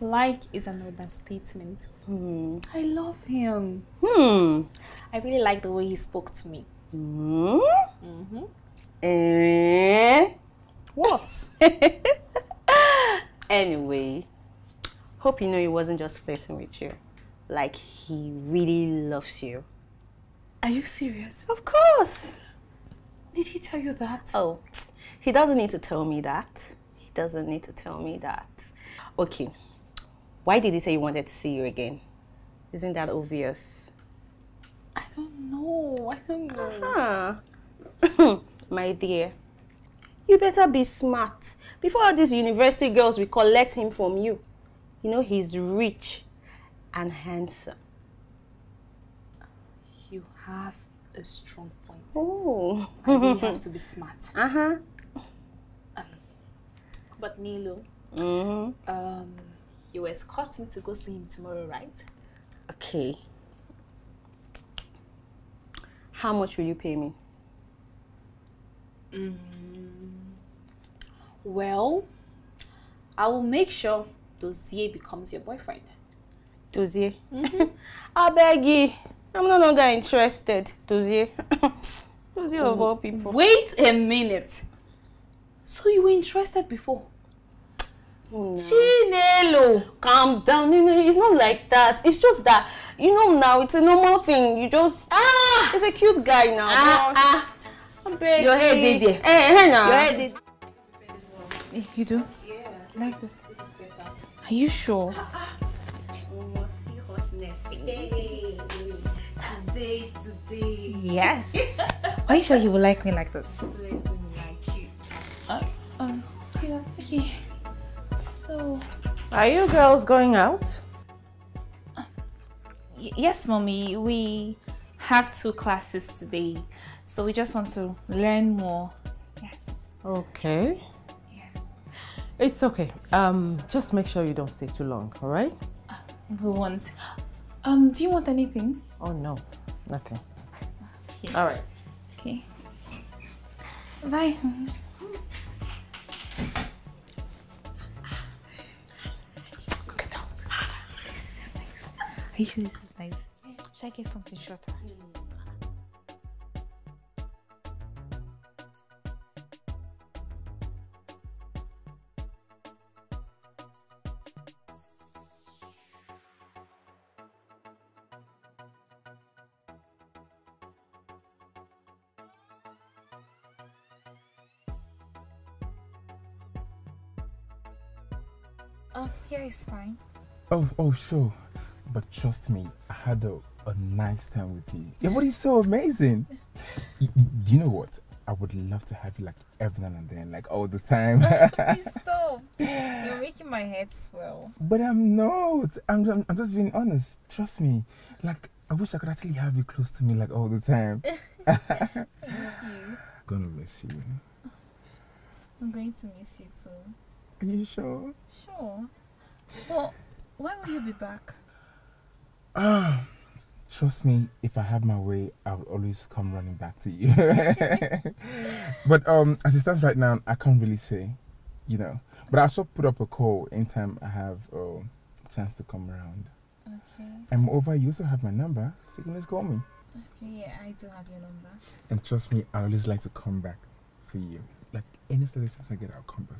Like is an understatement. Hmm. I love him. Hmm. I really like the way he spoke to me. Mm. hmm And what? anyway, hope you know he wasn't just flirting with you. Like he really loves you. Are you serious? Of course. Did he tell you that? Oh, he doesn't need to tell me that. He doesn't need to tell me that. Okay. Why did he say he wanted to see you again? Isn't that obvious? I don't know. I don't know. My dear, you better be smart. Before all these university girls will collect him from you. You know, he's rich and handsome. You have a strong point. Oh. I really have to be smart. Uh-huh. Um, but Nilo, mm -hmm. um, you escort me to go see him tomorrow, right? Okay how much will you pay me? Mm. Well, I will make sure Dozie becomes your boyfriend. Dozie? Mm -hmm. I beg you. I'm no longer interested, Dozie. Dozie of all people. Wait a minute. So you were interested before? Oh, no. Calm down. It's not like that. It's just that you know now, it's a normal thing. You just ah, it's a cute guy now. Ah, ah. Baby. Your hair did there. Eh, hey, eh, now. Your hair did. Eh, you do? Yeah. Like this. This is better. Are you sure? Ah, ah. today's today. Yes. Are you sure you will like me like this? going to like you. Uh, um, okay. So, are you girls going out? yes mommy we have two classes today so we just want to learn more yes okay yes it's okay um just make sure you don't stay too long all right uh, we won't um do you want anything oh no nothing okay. all right okay bye nice. Should I get something shorter? Um, here is fine. Oh, oh, sure. But trust me, had a, a nice time with you. but it's so amazing. you, you know what? I would love to have you like every now and then, like all the time. Stop! You're making my head swell. But I'm not. I'm, I'm, I'm just being honest. Trust me. Like I wish I could actually have you close to me like all the time. Thank you. Gonna miss you. I'm going to miss you too. Are you sure? Sure. But when will you be back? Ah, oh, trust me, if I have my way, I will always come running back to you. but um, as it stands right now, I can't really say, you know. But I'll still put up a call anytime I have a chance to come around. Okay. And moreover, you also have my number, so you can just call me. Okay, yeah, I do have your number. And trust me, I always like to come back for you. Like any suggestions I get, I'll come back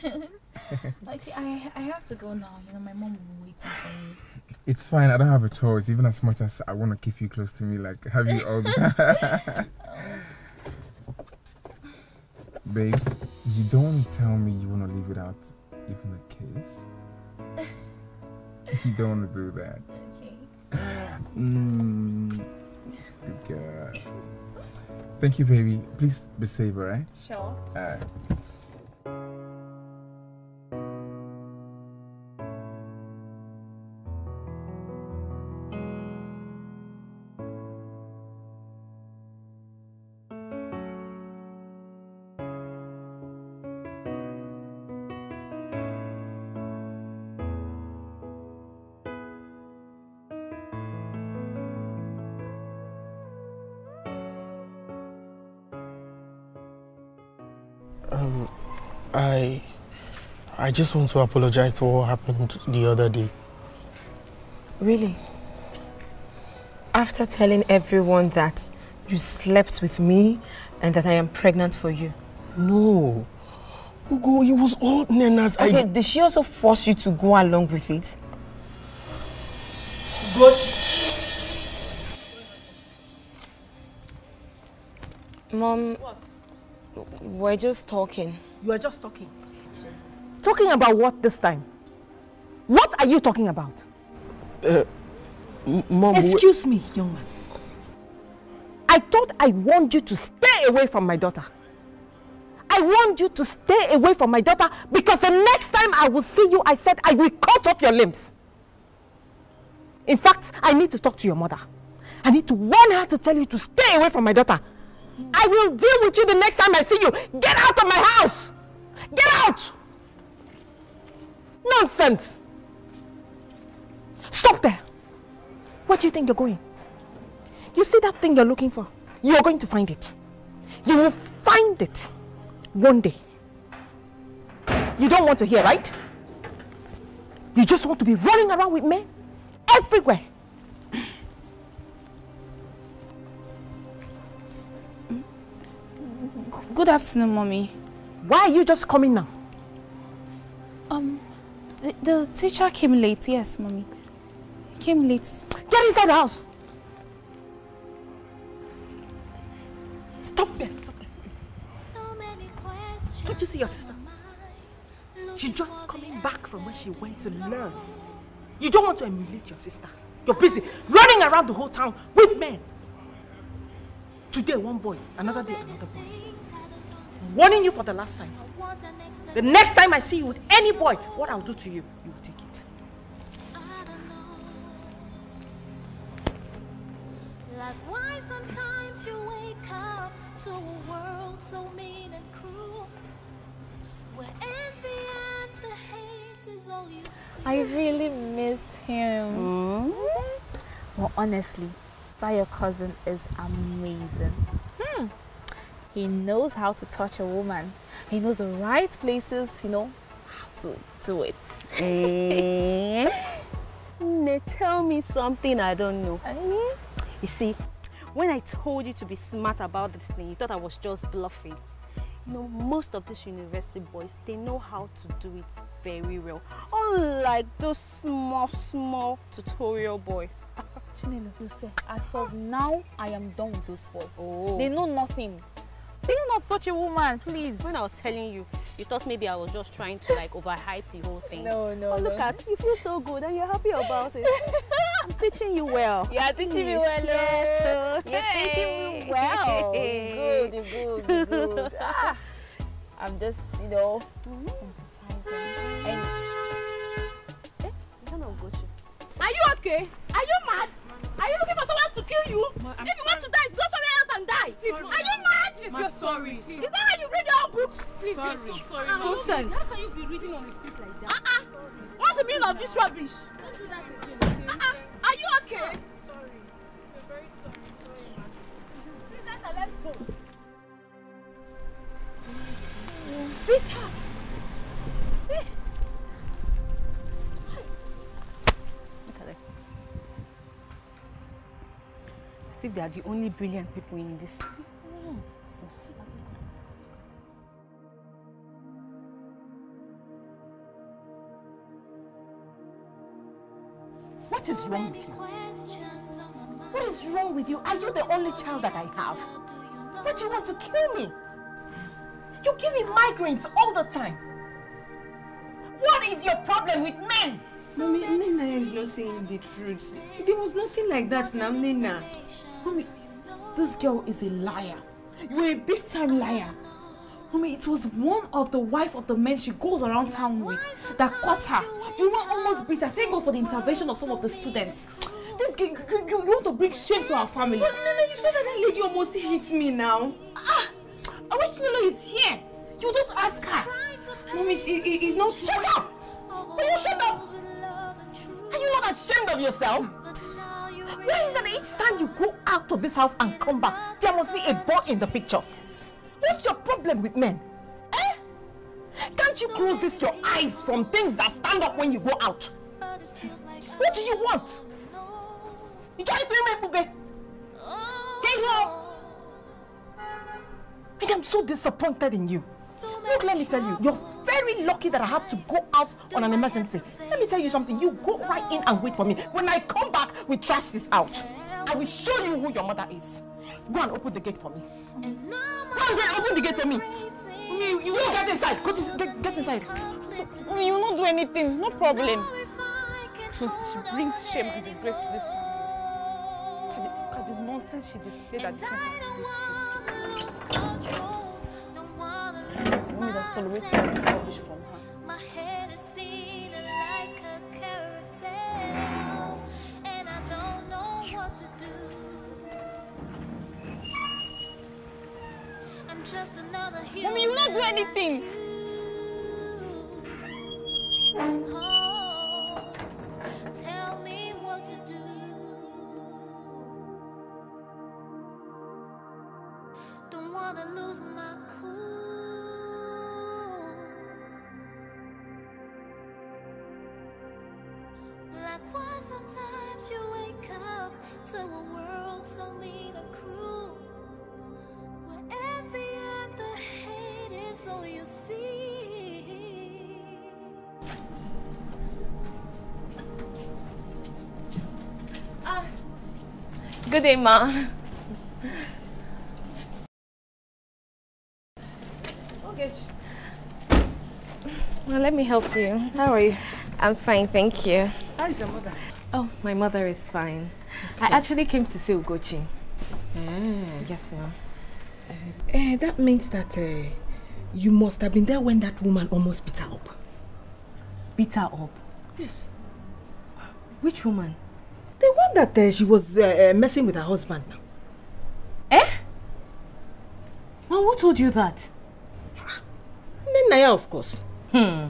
for you. like I, I have to go now. You know, my mom will waiting for me. It's fine. I don't have a choice. Even as much as I want to keep you close to me, like have you all the time. Babes, you don't tell me you want to leave without even a kiss. you don't want to do that. Okay. Mm, good girl. Thank you, baby. Please be safe, alright? Sure. Alright. I just want to apologize for what happened the other day. Really? After telling everyone that you slept with me and that I am pregnant for you? No. Ugo, it was all Nena's okay, did she also force you to go along with it? But... Mom, what? we're just talking. You are just talking? Talking about what this time? What are you talking about? Uh, Mom... Excuse me, young man. I thought I warned you to stay away from my daughter. I warned you to stay away from my daughter because the next time I will see you, I said I will cut off your limbs. In fact, I need to talk to your mother. I need to warn her to tell you to stay away from my daughter. I will deal with you the next time I see you. Get out of my house! Get out! Nonsense! Stop there! Where do you think you're going? You see that thing you're looking for? You're going to find it. You will find it one day. You don't want to hear, right? You just want to be running around with men everywhere. Good afternoon, Mommy. Why are you just coming now? Um, the, the teacher came late, yes, mommy. He came late. Get inside the house! Stop there, stop there. Can't you see your sister? She's just coming back from where she went to learn. You don't want to emulate your sister. You're busy running around the whole town with men. Today one boy, another day another boy warning you for the last time. The next time I see you with any boy, what I'll do to you, you will take it. Like why sometimes you wake up to a world so mean and cruel Where the end the hate is all you see I really miss him. Mm -hmm. Well, honestly, that your cousin is amazing. He knows how to touch a woman. He knows the right places, you know, how to do it. Mm. tell me something I don't know. You see, when I told you to be smart about this thing, you thought I was just bluffing. You know, most of these university boys, they know how to do it very well. Unlike those small, small tutorial boys. I you say, as of now, I am done with those boys. Oh. They know nothing. Be not such a woman, please. When I was telling you, you thought maybe I was just trying to like overhype the whole thing. No, no. But oh, look no. at you feel so good and you're happy about it. I'm teaching you well. You are teaching please. me well. Yes. You're am teaching me well. Hey. Good, good, good. ah. I'm just, you know, mm -hmm. emphasizing. And eh, you don't go to. Are you okay? Are you mad? Are you looking for someone to kill you? Ma, if you sorry. want to die, go somewhere and die. Please, sorry. are you mad? Please, Ma, sorry. Is that how you read your own books? Please, sorry. Please, so sorry. Uh, Nonsense. How can you be reading on the street like that? Uh-uh. What's the meaning of this rubbish? Uh-uh. Are you okay? Sorry. We're very sorry. Please, Nana, let's go. Rita! Rita! as if they are the only brilliant people in this. What is wrong with you? What is wrong with you? Are you the only child that I have? But you want to kill me? You give me migraines all the time. What is your problem with men? Mommy, Nina is not saying the truth. There was nothing like that now, Nina. Mommy, this girl is a liar. You're a big time liar. Mommy, it was one of the wife of the men she goes around town with that caught her. You know, almost beat her. Thank God for the intervention of some of the students. This girl, you, want to bring shame to our family. But Nina, you saw that that lady almost hit me now. Ah, I wish Nina is here. You just ask her. Mommy, it, it, it's not true. Shut up! Will you shut up? Are you not ashamed of yourself? Why is it each time you go out of this house and come back, there must be a boy in the picture? What's your problem with men? Eh? Can't you close this your eyes from things that stand up when you go out? What do you want? You try to make boogie. Get I am so disappointed in you. Look, let me tell you, you're very lucky that I have to go out on an emergency. Let me tell you something. You go right in and wait for me. When I come back, we trash this out. I will show you who your mother is. Go and open the gate for me. Go and open the gate for me. You, you not get inside. Go to, get, get inside. So, you will not do anything. No problem. She brings shame and disgrace to this family. Look at the, look at the nonsense she displayed at the center me that's full rich all this rubbish from Mommy, you not do anything. Oh, tell me what to do. Don't wanna lose my. not why sometimes you wake up to a world so mean and cruel Where envy and the hate is all you see ah. Good day, Ma. okay. Well, let me help you. How are you? I'm fine, thank you. How is your mother? Oh, my mother is fine. Okay. I actually came to see Ugochi. Mm. Yes, ma'am. Uh, that means that uh, you must have been there when that woman almost beat her up. Beat her up? Yes. Which woman? The one that uh, she was messing with her husband now. Eh? Mom, who told you that? Ah, Nenaya, of course. Hmm.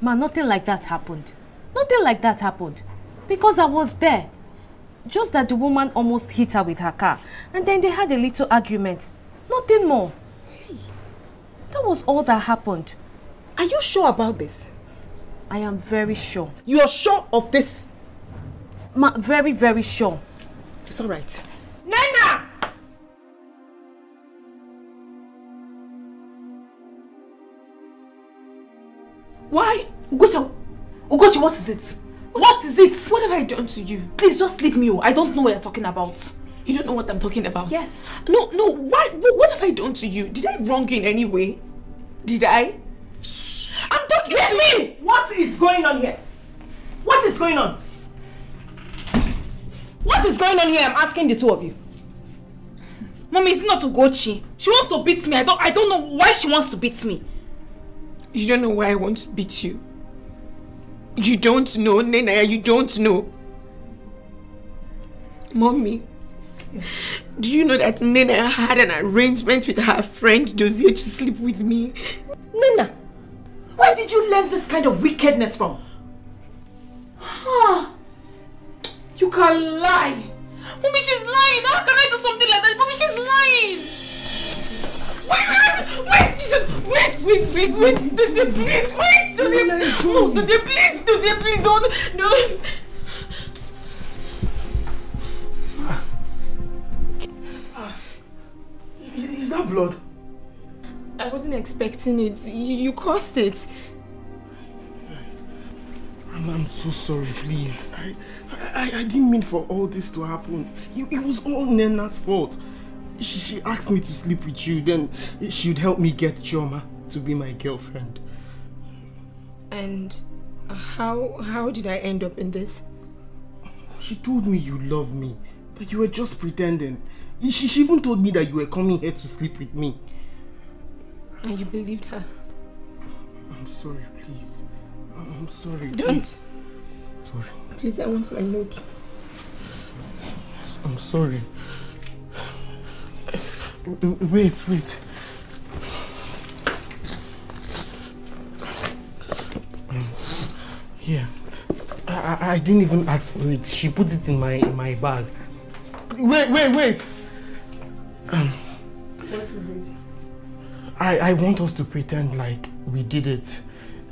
Ma, nothing like that happened. Nothing like that happened. Because I was there. Just that the woman almost hit her with her car. And then they had a little argument. Nothing more. Hey. That was all that happened. Are you sure about this? I am very sure. You are sure of this? Ma very, very sure. It's alright. Nana! Why? Go to Ugochi, what is it? What is it? What have I done to you? Please just leave me. Oh. I don't know what you're talking about. You don't know what I'm talking about. Yes. No, no. Why? What have I done to you? Did I wrong you in any way? Did I? I'm talking yes, to you. What is going on here? What is going on? What is going on here? I'm asking the two of you. Mommy, it's not Ugochi. She wants to beat me. I don't I don't know why she wants to beat me. You don't know why I want to beat you. You don't know, Nenaya, you don't know. Mommy, do you know that Nenaya had an arrangement with her friend Josie to sleep with me? Nina, where did you learn this kind of wickedness from? Huh. You can lie. Mommy, she's lying. How can I do something like that? Mommy, she's lying. Wait, wait, wait, wait, Wait! Wait! do they please, wait, do they, no, do they please, do they please, don't, no. Is that blood? I wasn't expecting it. You, you caused it. I'm, I'm so sorry, please. I, I, I didn't mean for all this to happen. It, it was all Nena's fault she, she asked me to sleep with you, then she'd help me get Joma to be my girlfriend. And uh, how, how did I end up in this? She told me you love me, but you were just pretending. She, she even told me that you were coming here to sleep with me. And you believed her? I'm sorry, please. I'm sorry. Don't. Please. Sorry. Please, I want my note. I'm sorry. Wait, wait. Here. I, I, didn't even ask for it. She put it in my in my bag. Wait, wait, wait. Um, what is it? I, I want us to pretend like we did it.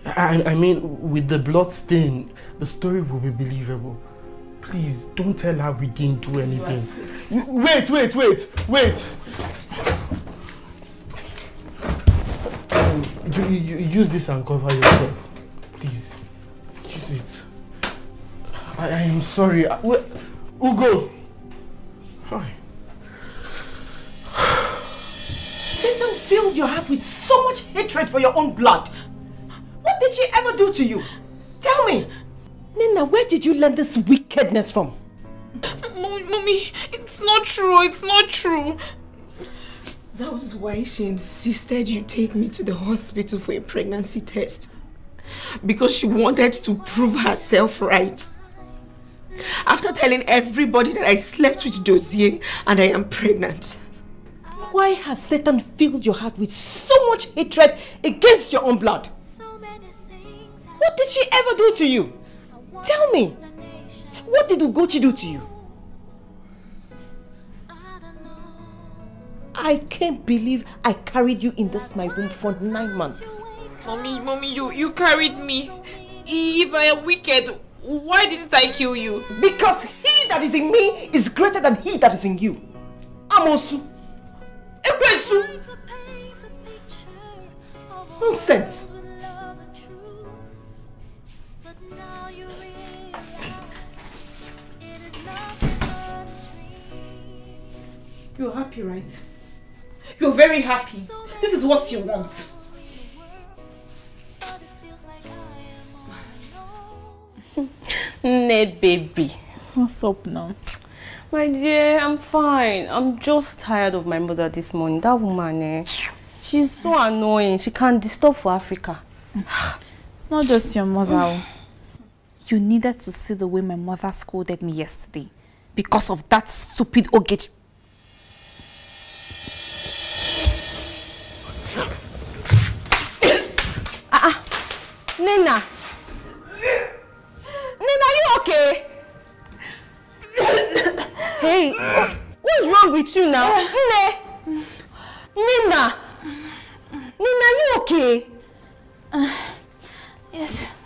I, I mean, with the blood stain, the story will be believable. Please, don't tell her we didn't do anything. Wait, wait, wait, wait. Um, you, you, use this and cover yourself. Please, use it. I, I am sorry. I, wait, Ugo. Hi. Satan filled your heart with so much hatred for your own blood. What did she ever do to you? Tell me. Nina, where did you learn this wickedness from? Mommy, it's not true. It's not true. That was why she insisted you take me to the hospital for a pregnancy test. Because she wanted to prove herself right. After telling everybody that I slept with Dozier and I am pregnant. Why has Satan filled your heart with so much hatred against your own blood? What did she ever do to you? Tell me, what did Ugochi do to you? I can't believe I carried you in this my womb for nine months. Mommy, mommy, you, you carried me. If I am wicked, why didn't I kill you? Because he that is in me is greater than he that is in you. Amosu. Ekwesu. Nonsense. You're happy, right? You're very happy. This is what you want. Ned, baby. What's up now? My dear, I'm fine. I'm just tired of my mother this morning. That woman, eh? She's so annoying. She can not disturb for Africa. it's not just your mother. Oh. you needed to see the way my mother scolded me yesterday because of that stupid Ogechi Ah, ah. Nina. Nina, are you okay? hey, what's wrong with you now? Nina? Nina. Nina, are you okay? Uh, yes.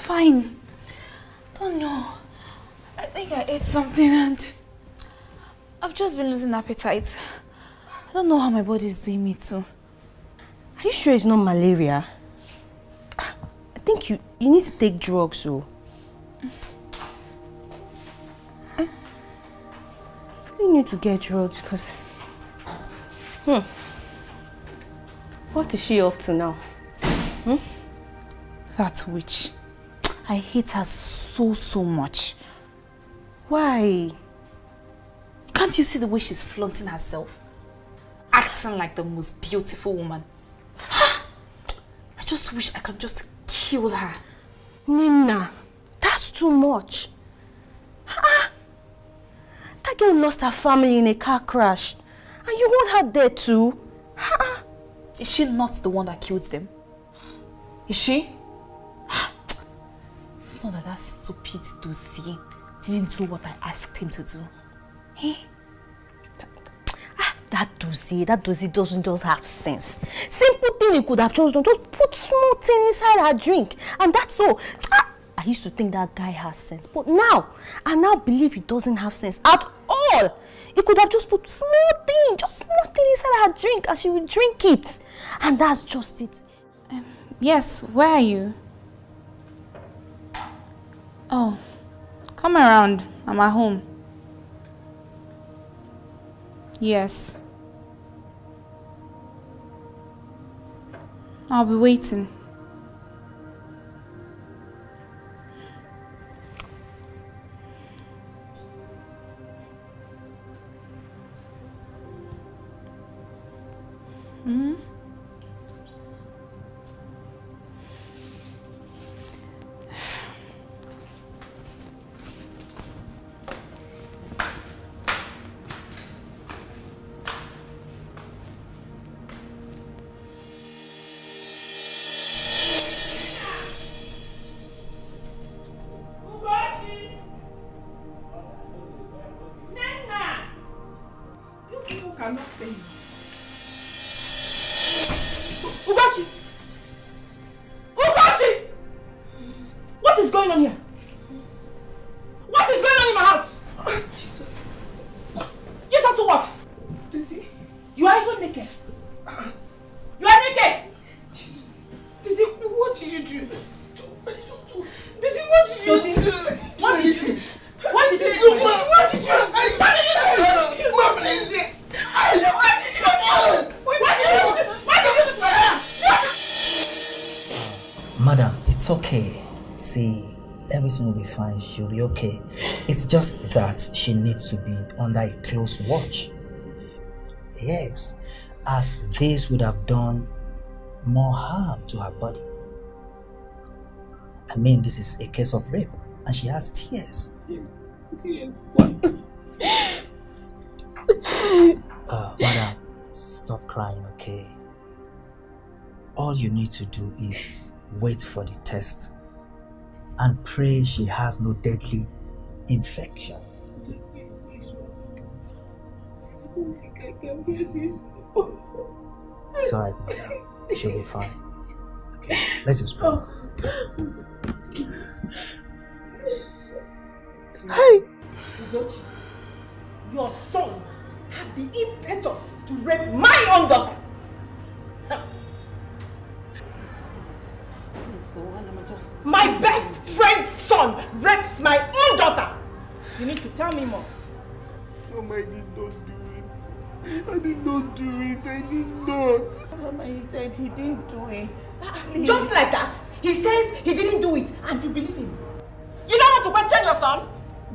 Fine. Don't know. I think I ate something and I've just been losing appetite. I don't know how my body is doing me too. Are you sure it's not malaria? I think you, you need to take drugs, so. Oh. you need to get drugs because... Hmm. What is she up to now? Hmm? That witch. I hate her so, so much. Why? Can't you see the way she's flaunting herself? acting like the most beautiful woman. I just wish I could just kill her. Nina, that's too much. that girl lost her family in a car crash. And you want her dead too? Is she not the one that killed them? Is she? Not that that stupid see. didn't do what I asked him to do. Hey? Eh? that dozy, that dozy doesn't just have sense. Simple thing you could have chosen. just put small thing inside her drink and that's all. Ah, I used to think that guy has sense, but now, I now believe he doesn't have sense at all. He could have just put small thing, just small thing inside her drink and she would drink it. And that's just it. Um, yes, where are you? Oh, come around. I'm at home. Yes. I'll be waiting. Mm-hmm. just that she needs to be under a close watch. Yes, as this would have done more harm to her body. I mean, this is a case of rape, and she has tears. Tears? What? uh, madam, stop crying, okay? All you need to do is wait for the test and pray she has no deadly infection. It's alright, mother. She'll be fine. Okay, let's just pray. Hey! your son had the impetus to rape my own daughter! My best dá mi mọ̀. Mama, I did not do it. I did not do it. I did not. Mama, he said he didn't do it. Ah, please. Just like that. He says he didn't do it and you believe him. You don't want to question your son?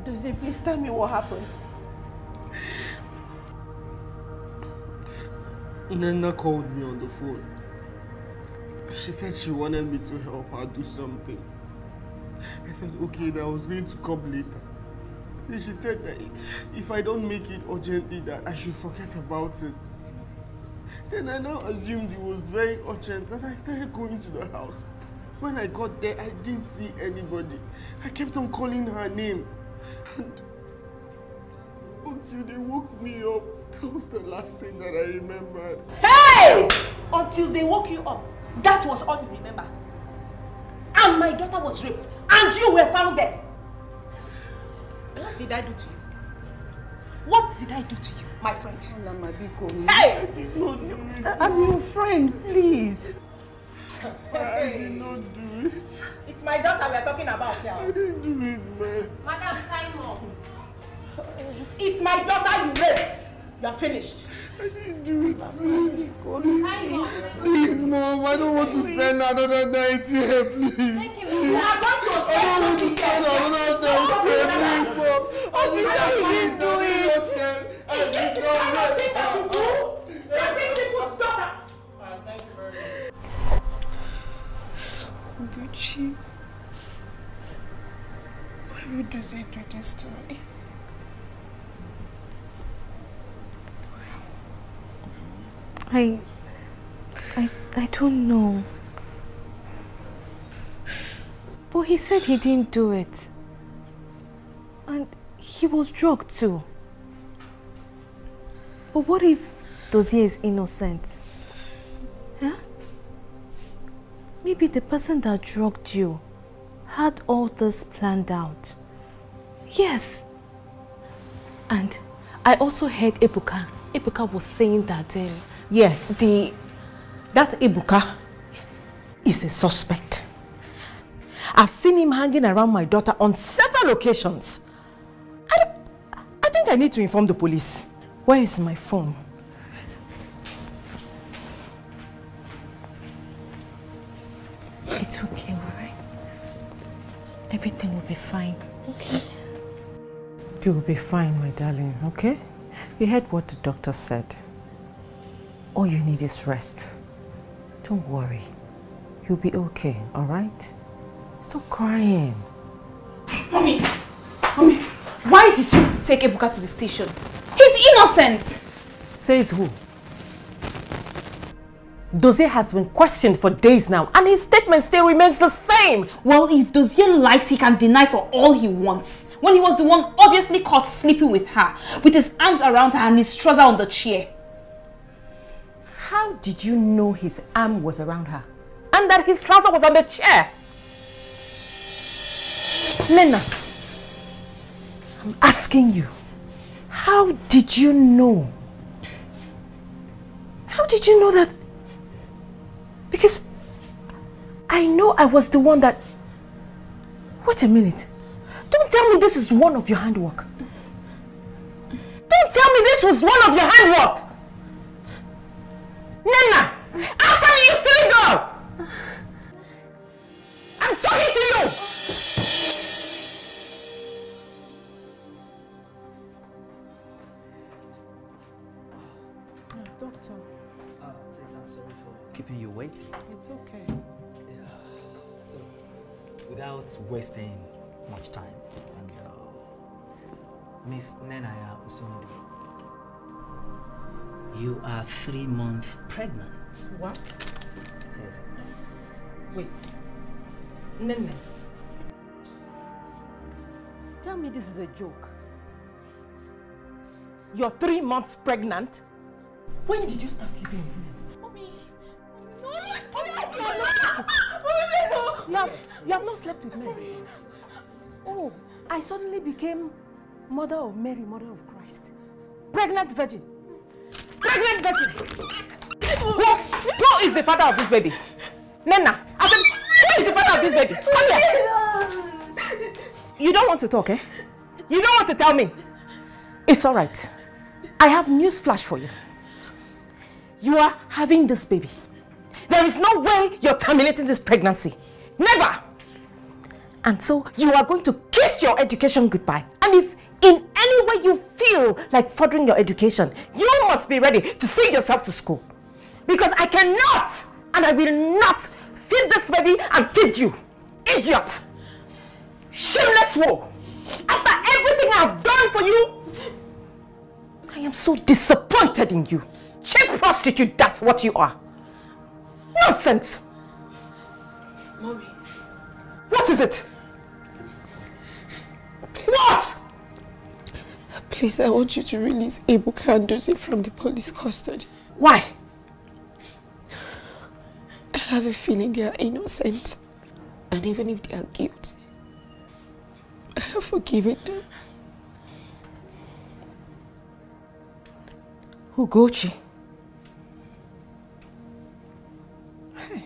Does he please tell me what happened? Nana called me on the phone. She said she wanted me to help her do something. I said, okay, I was going to come later. And she said that if I don't make it urgently that I should forget about it. Then I now assumed it was very urgent and I started going to the house. When I got there, I didn't see anybody. I kept on calling her name. And until they woke me up, that was the last thing that I remembered. Hey! Until they woke you up, that was all you remember. And my daughter was raped, and you were found there. What did I do to you? What did I do to you, my friend? Hey! I did not do uh, I'm your friend, please. I did not do it. It's my daughter we're talking about here. I didn't do it, man. Madam, time off. It's my daughter you raped. You finished. I didn't do it, please. Please, mom, I don't want to spend another night here, please. I don't want to spend another night here, please, mom. I think I didn't do it. I didn't do it. I think people stop us. Thank you very much. Gucci, why would you say to this to me? I. I. I don't know. But he said he didn't do it. And he was drugged too. But what if Dozier is innocent? Huh? Maybe the person that drugged you had all this planned out. Yes. And I also heard Ebuka. Ebuka was saying that um, Yes. The... That Ibuka is a suspect. I've seen him hanging around my daughter on several occasions. I, I think I need to inform the police. Where is my phone? It's okay, alright? Everything will be fine, okay? You will be fine, my darling, okay? You heard what the doctor said. All you need is rest. Don't worry. You'll be okay, all right? Stop crying. Mommy! Mommy! Why did you take Ebuka to the station? He's innocent! Says who? Dozier has been questioned for days now and his statement still remains the same. Well, if Dozier likes, he can deny for all he wants. When he was the one obviously caught sleeping with her, with his arms around her and his trouser on the chair. How did you know his arm was around her? And that his trouser was on the chair? Lena, I'm asking you, how did you know? How did you know that? Because I know I was the one that... Wait a minute. Don't tell me this is one of your handwork. Don't tell me this was one of your handworks! Nana! Answer me, you silly girl! I'm talking to you! doctor. Uh, please, I'm sorry for keeping you waiting. It's okay. Yeah. So, without wasting much time, and uh, Miss Nenaya Usundu you are three months pregnant. What? Wait. Wait. Nene. Tell me this is a joke. You're three months pregnant? When did you start sleeping with me? Mommy! No, no, Mommy, no, no, no. Mommy, please, no. You have, you have not slept with me. Oh, I suddenly became mother of Mary, mother of Christ. Pregnant virgin. Pregnant Betty. Who, who is the father of this baby? Nena, I said, who is the father of this baby? Come here. You don't want to talk, eh? You don't want to tell me. It's all right. I have news flash for you. You are having this baby. There is no way you're terminating this pregnancy. Never! And so you are going to kiss your education goodbye. And if in any way you feel like furthering your education, you must be ready to send yourself to school. Because I cannot and I will not feed this baby and feed you. Idiot! Shameless war! After everything I have done for you, I am so disappointed in you. Cheap prostitute, that's what you are. Nonsense! Mommy. What is it? What? Please, I want you to release Abel Kandozi from the police custody. Why? I have a feeling they are innocent. And even if they are guilty, I have forgiven them. Ugochi. Hey.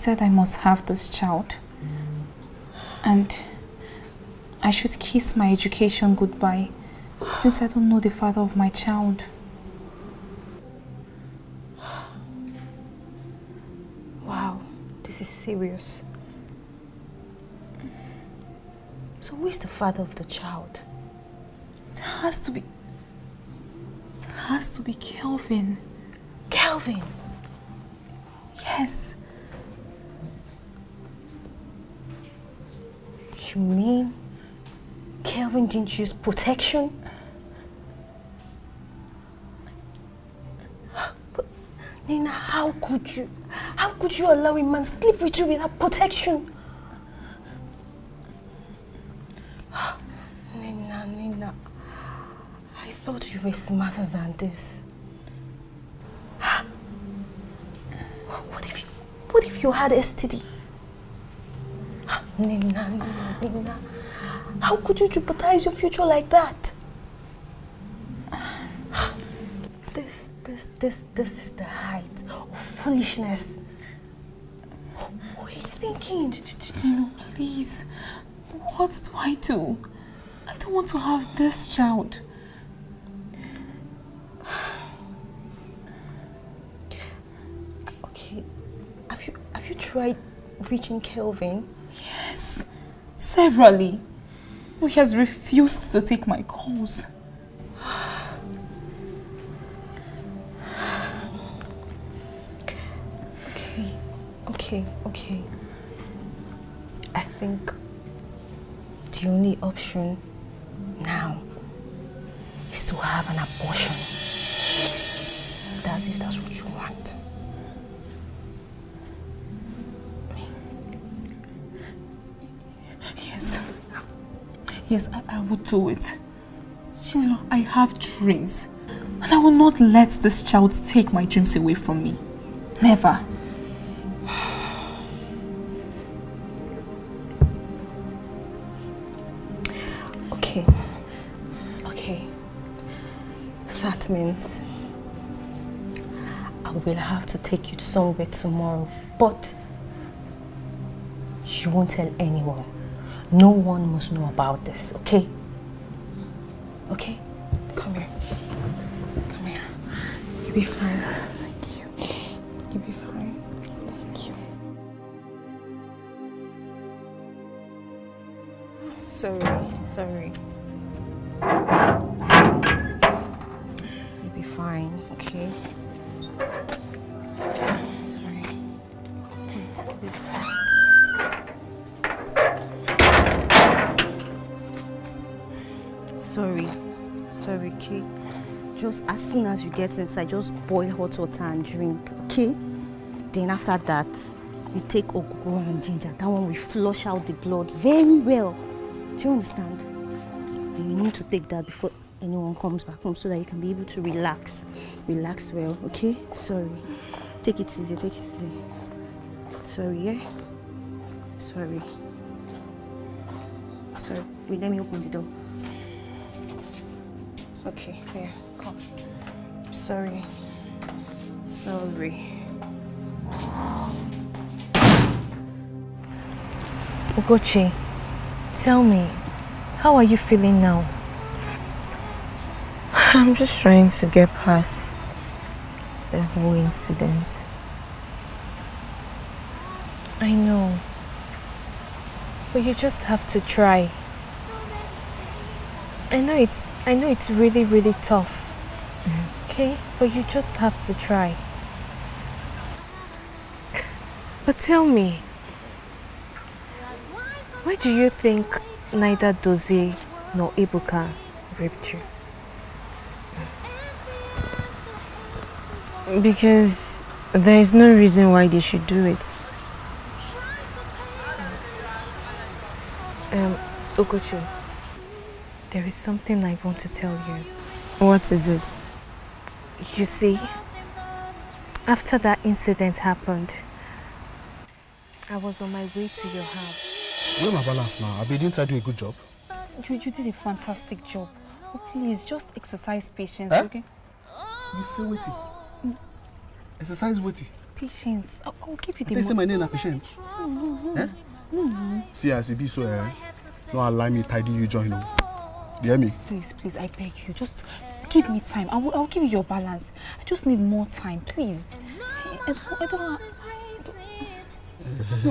said I must have this child. And I should kiss my education goodbye since I don't know the father of my child. Wow, this is serious. So who is the father of the child? It has to be... It has to be Kelvin. Kelvin? Yes. You mean Kelvin didn't use protection? But Nina, how could you? How could you allow a man sleep with you without protection? Nina, Nina, I thought you were smarter than this. What if you, what if you had STD? Nina, Nina, how could you jeopardize your future like that? This, this, this, this is the height of foolishness. What are you thinking? Gino, please, what do I do? I don't want to have this child. Okay, have you, have you tried reaching Kelvin? severally, who has refused to take my calls. Okay, okay, okay. I think the only option now is to have an abortion. That's if that's what you want. Yes, I, I will do it. Chinelo, I have dreams. And I will not let this child take my dreams away from me. Never. okay. Okay. That means I will have to take you somewhere tomorrow, but you won't tell anyone. No one must know about this, okay? Okay? Come here. Come here. You'll be fine. Thank you. You'll be fine. Thank you. Sorry. Sorry. as you get inside, just boil hot water and drink, okay? Then after that, you take ogogo and ginger. That one will flush out the blood very well. Do you understand? And you need to take that before anyone comes back home so that you can be able to relax. Relax well, okay? Sorry. Take it easy, take it easy. Sorry, yeah? Sorry. Sorry. Wait, let me open the door. Okay, yeah, come sorry. Sorry. Ugochi, tell me, how are you feeling now? I'm just trying to get past the whole incident. I know. But you just have to try. I know it's I know it's really really tough. Mm -hmm okay? But you just have to try. But tell me, why do you think neither Dozie nor Ibuka raped you? Because there is no reason why they should do it. Um, Okochu, there is something I want to tell you. What is it? You see, after that incident happened, I was on my way to your house. Where my balance now? I didn't I do a good job? You, you did a fantastic job. please, just exercise patience, eh? okay? You say waiting. Mm. Exercise waiting. Patience. I'll, I'll give you the. They say my name is patience. Mm -hmm. eh? mm -hmm. See, as it be so, eh? Don't allow me tidy you join. You hear me? Please, please, I beg you. Just Give me time. I will, I will give you your balance. I just need more time, please. I, I don't, I don't,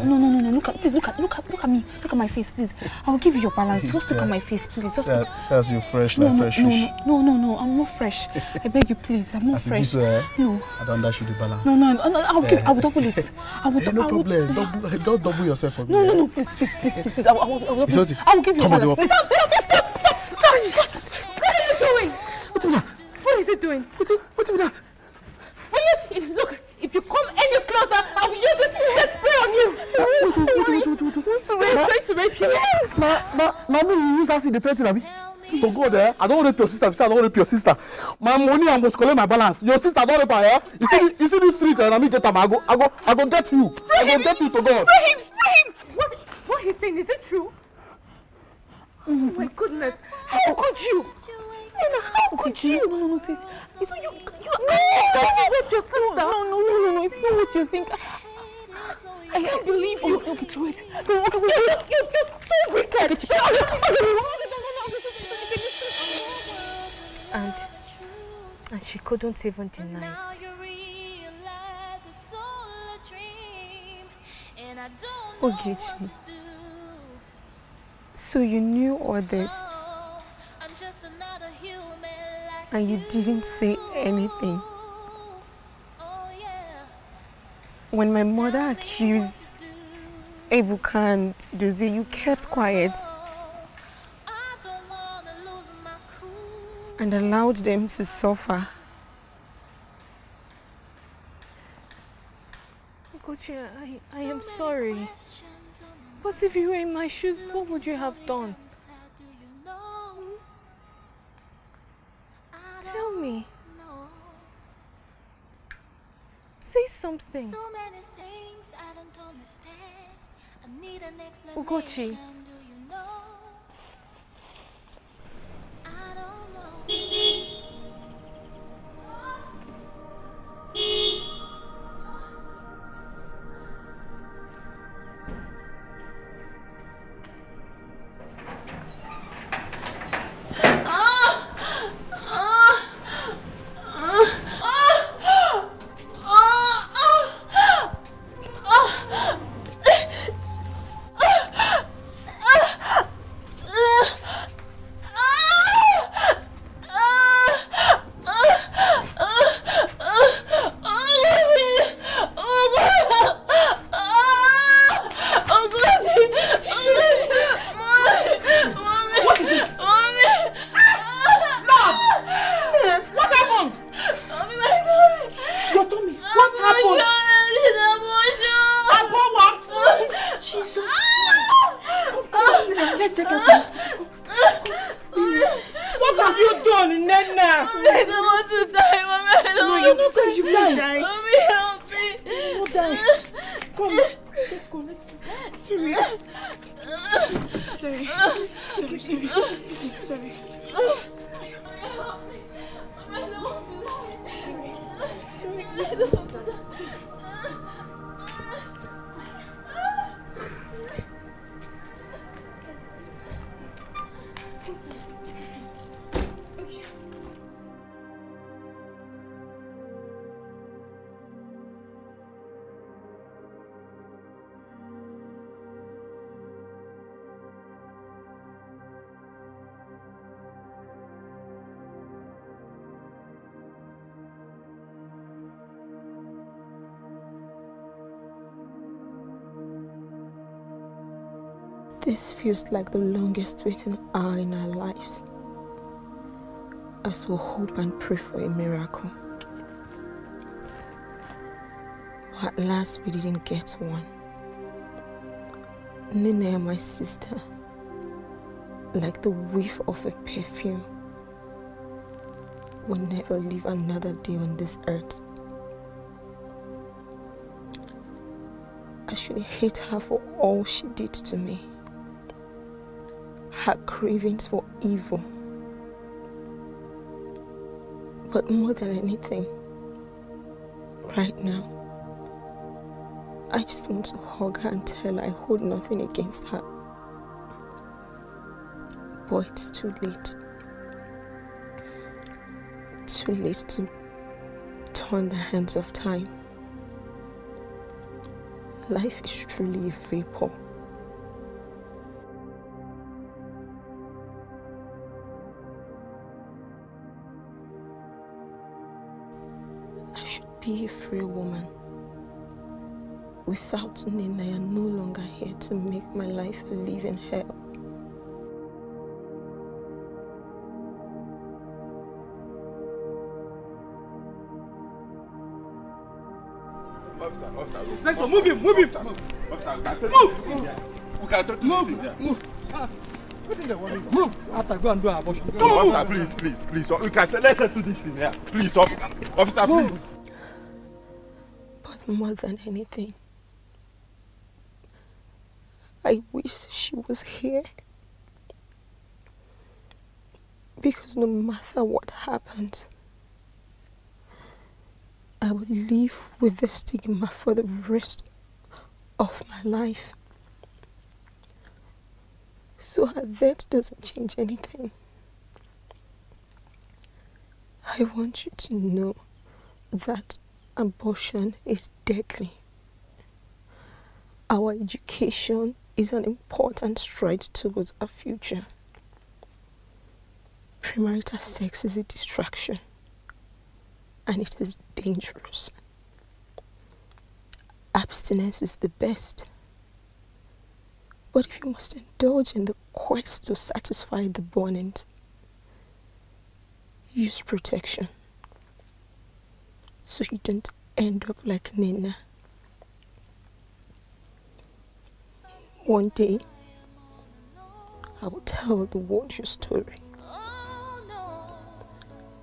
no, no, no, no, look at, please, look at, look at, look at me, look at my face, please. I will give you your balance. Just look yeah. at my face, please. Just yeah, look. As you fresh, like no, no, fresh no, No, no, no, no, I'm not fresh. I beg you, please, I'm not as fresh. uh, no. I don't dash you the balance. No, no, no, no I'll give, I will double it. I will. Hey, no I will, problem. Double, don't double yourself for me. No, no, no, please, please, please, please, please. I will, I will, I will, I will, give you your balance. Please, stop, stop, stop, Please. What is that? What is it doing? What is, what is that? Will you, look, if you come any closer, I will use this, this spray on you. What, what, what, what, what, what, what? Spray, to make Yes. Ma, ma, mommy, you the acid to threaten me. To God, I don't rape your sister. I don't rape your sister. My money, I must collect my balance. Your sister, I don't rape her. You see, you see this street, and I going get him. I go, I go, I go get you. Spray I go him. get you to God. Spray him, spray him. What, what he's saying is it true? Mm. Oh my goodness, how could you? Lena, how could you? No, no, no, sis. It's you, you, no, this is what your sister. No, no, no, no, no, it's not what you think. I can't believe you. Oh, through it. No, okay, wait, you're, you're just so wicked. and, and she couldn't even deny it. Ogechi, oh, so you knew all this and you didn't say anything. When my mother accused Ebuka and Dozie, you kept quiet and allowed them to suffer. Kochia, I, I am sorry. But if you were in my shoes, what would you have done? me. Say something. O Gucci. This feels like the longest waiting hour in our lives as we hope and pray for a miracle. But at last, we didn't get one. Nina, my sister, like the whiff of a perfume, will never live another day on this earth. I should hate her for all she did to me her cravings for evil. But more than anything, right now, I just want to hug her and tell her I hold nothing against her. But it's too late. Too late to turn the hands of time. Life is truly a vapor. Be a free woman. Without Nina, I am no longer here to make my life a living hell. Officer, officer, Inspector, move him, move him! Move! Move! Move! We can settle move. move! Move! Move! After go and do an abortion. Come on, officer, move. please, please, please. We can let's do this thing here. Please, officer, move. please more than anything. I wish she was here. Because no matter what happens, I would live with the stigma for the rest of my life. So that doesn't change anything. I want you to know that abortion is deadly. Our education is an important stride towards our future. Premarital sex is a distraction and it is dangerous. Abstinence is the best. But if you must indulge in the quest to satisfy the burning, use protection so you don't end up like Nina. One day, I will tell the world your story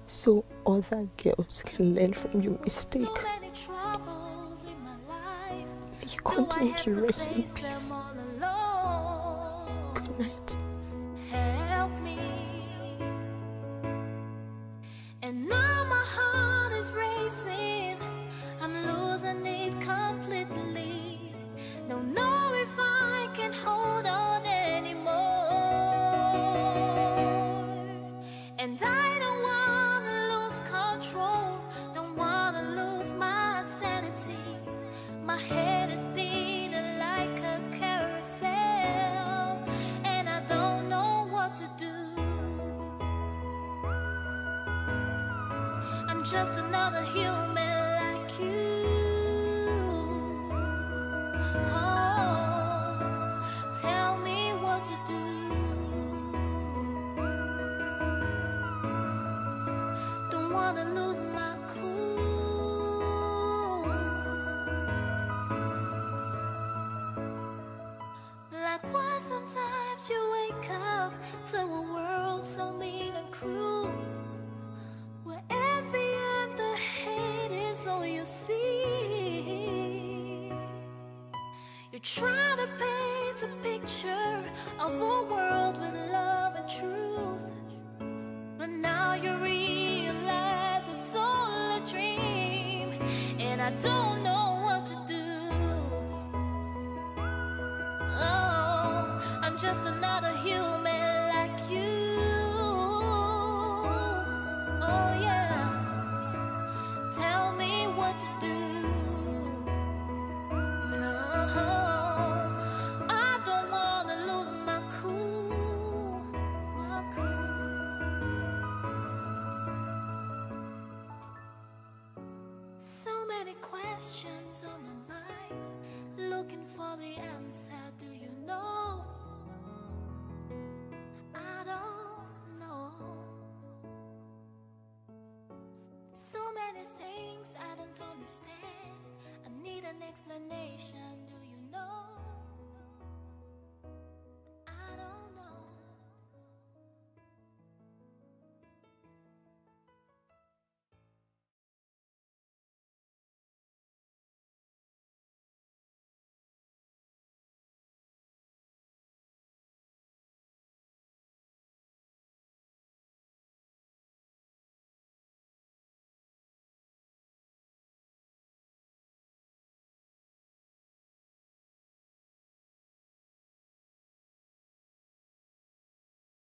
so other girls can learn from your mistake. May you continue to rest in peace.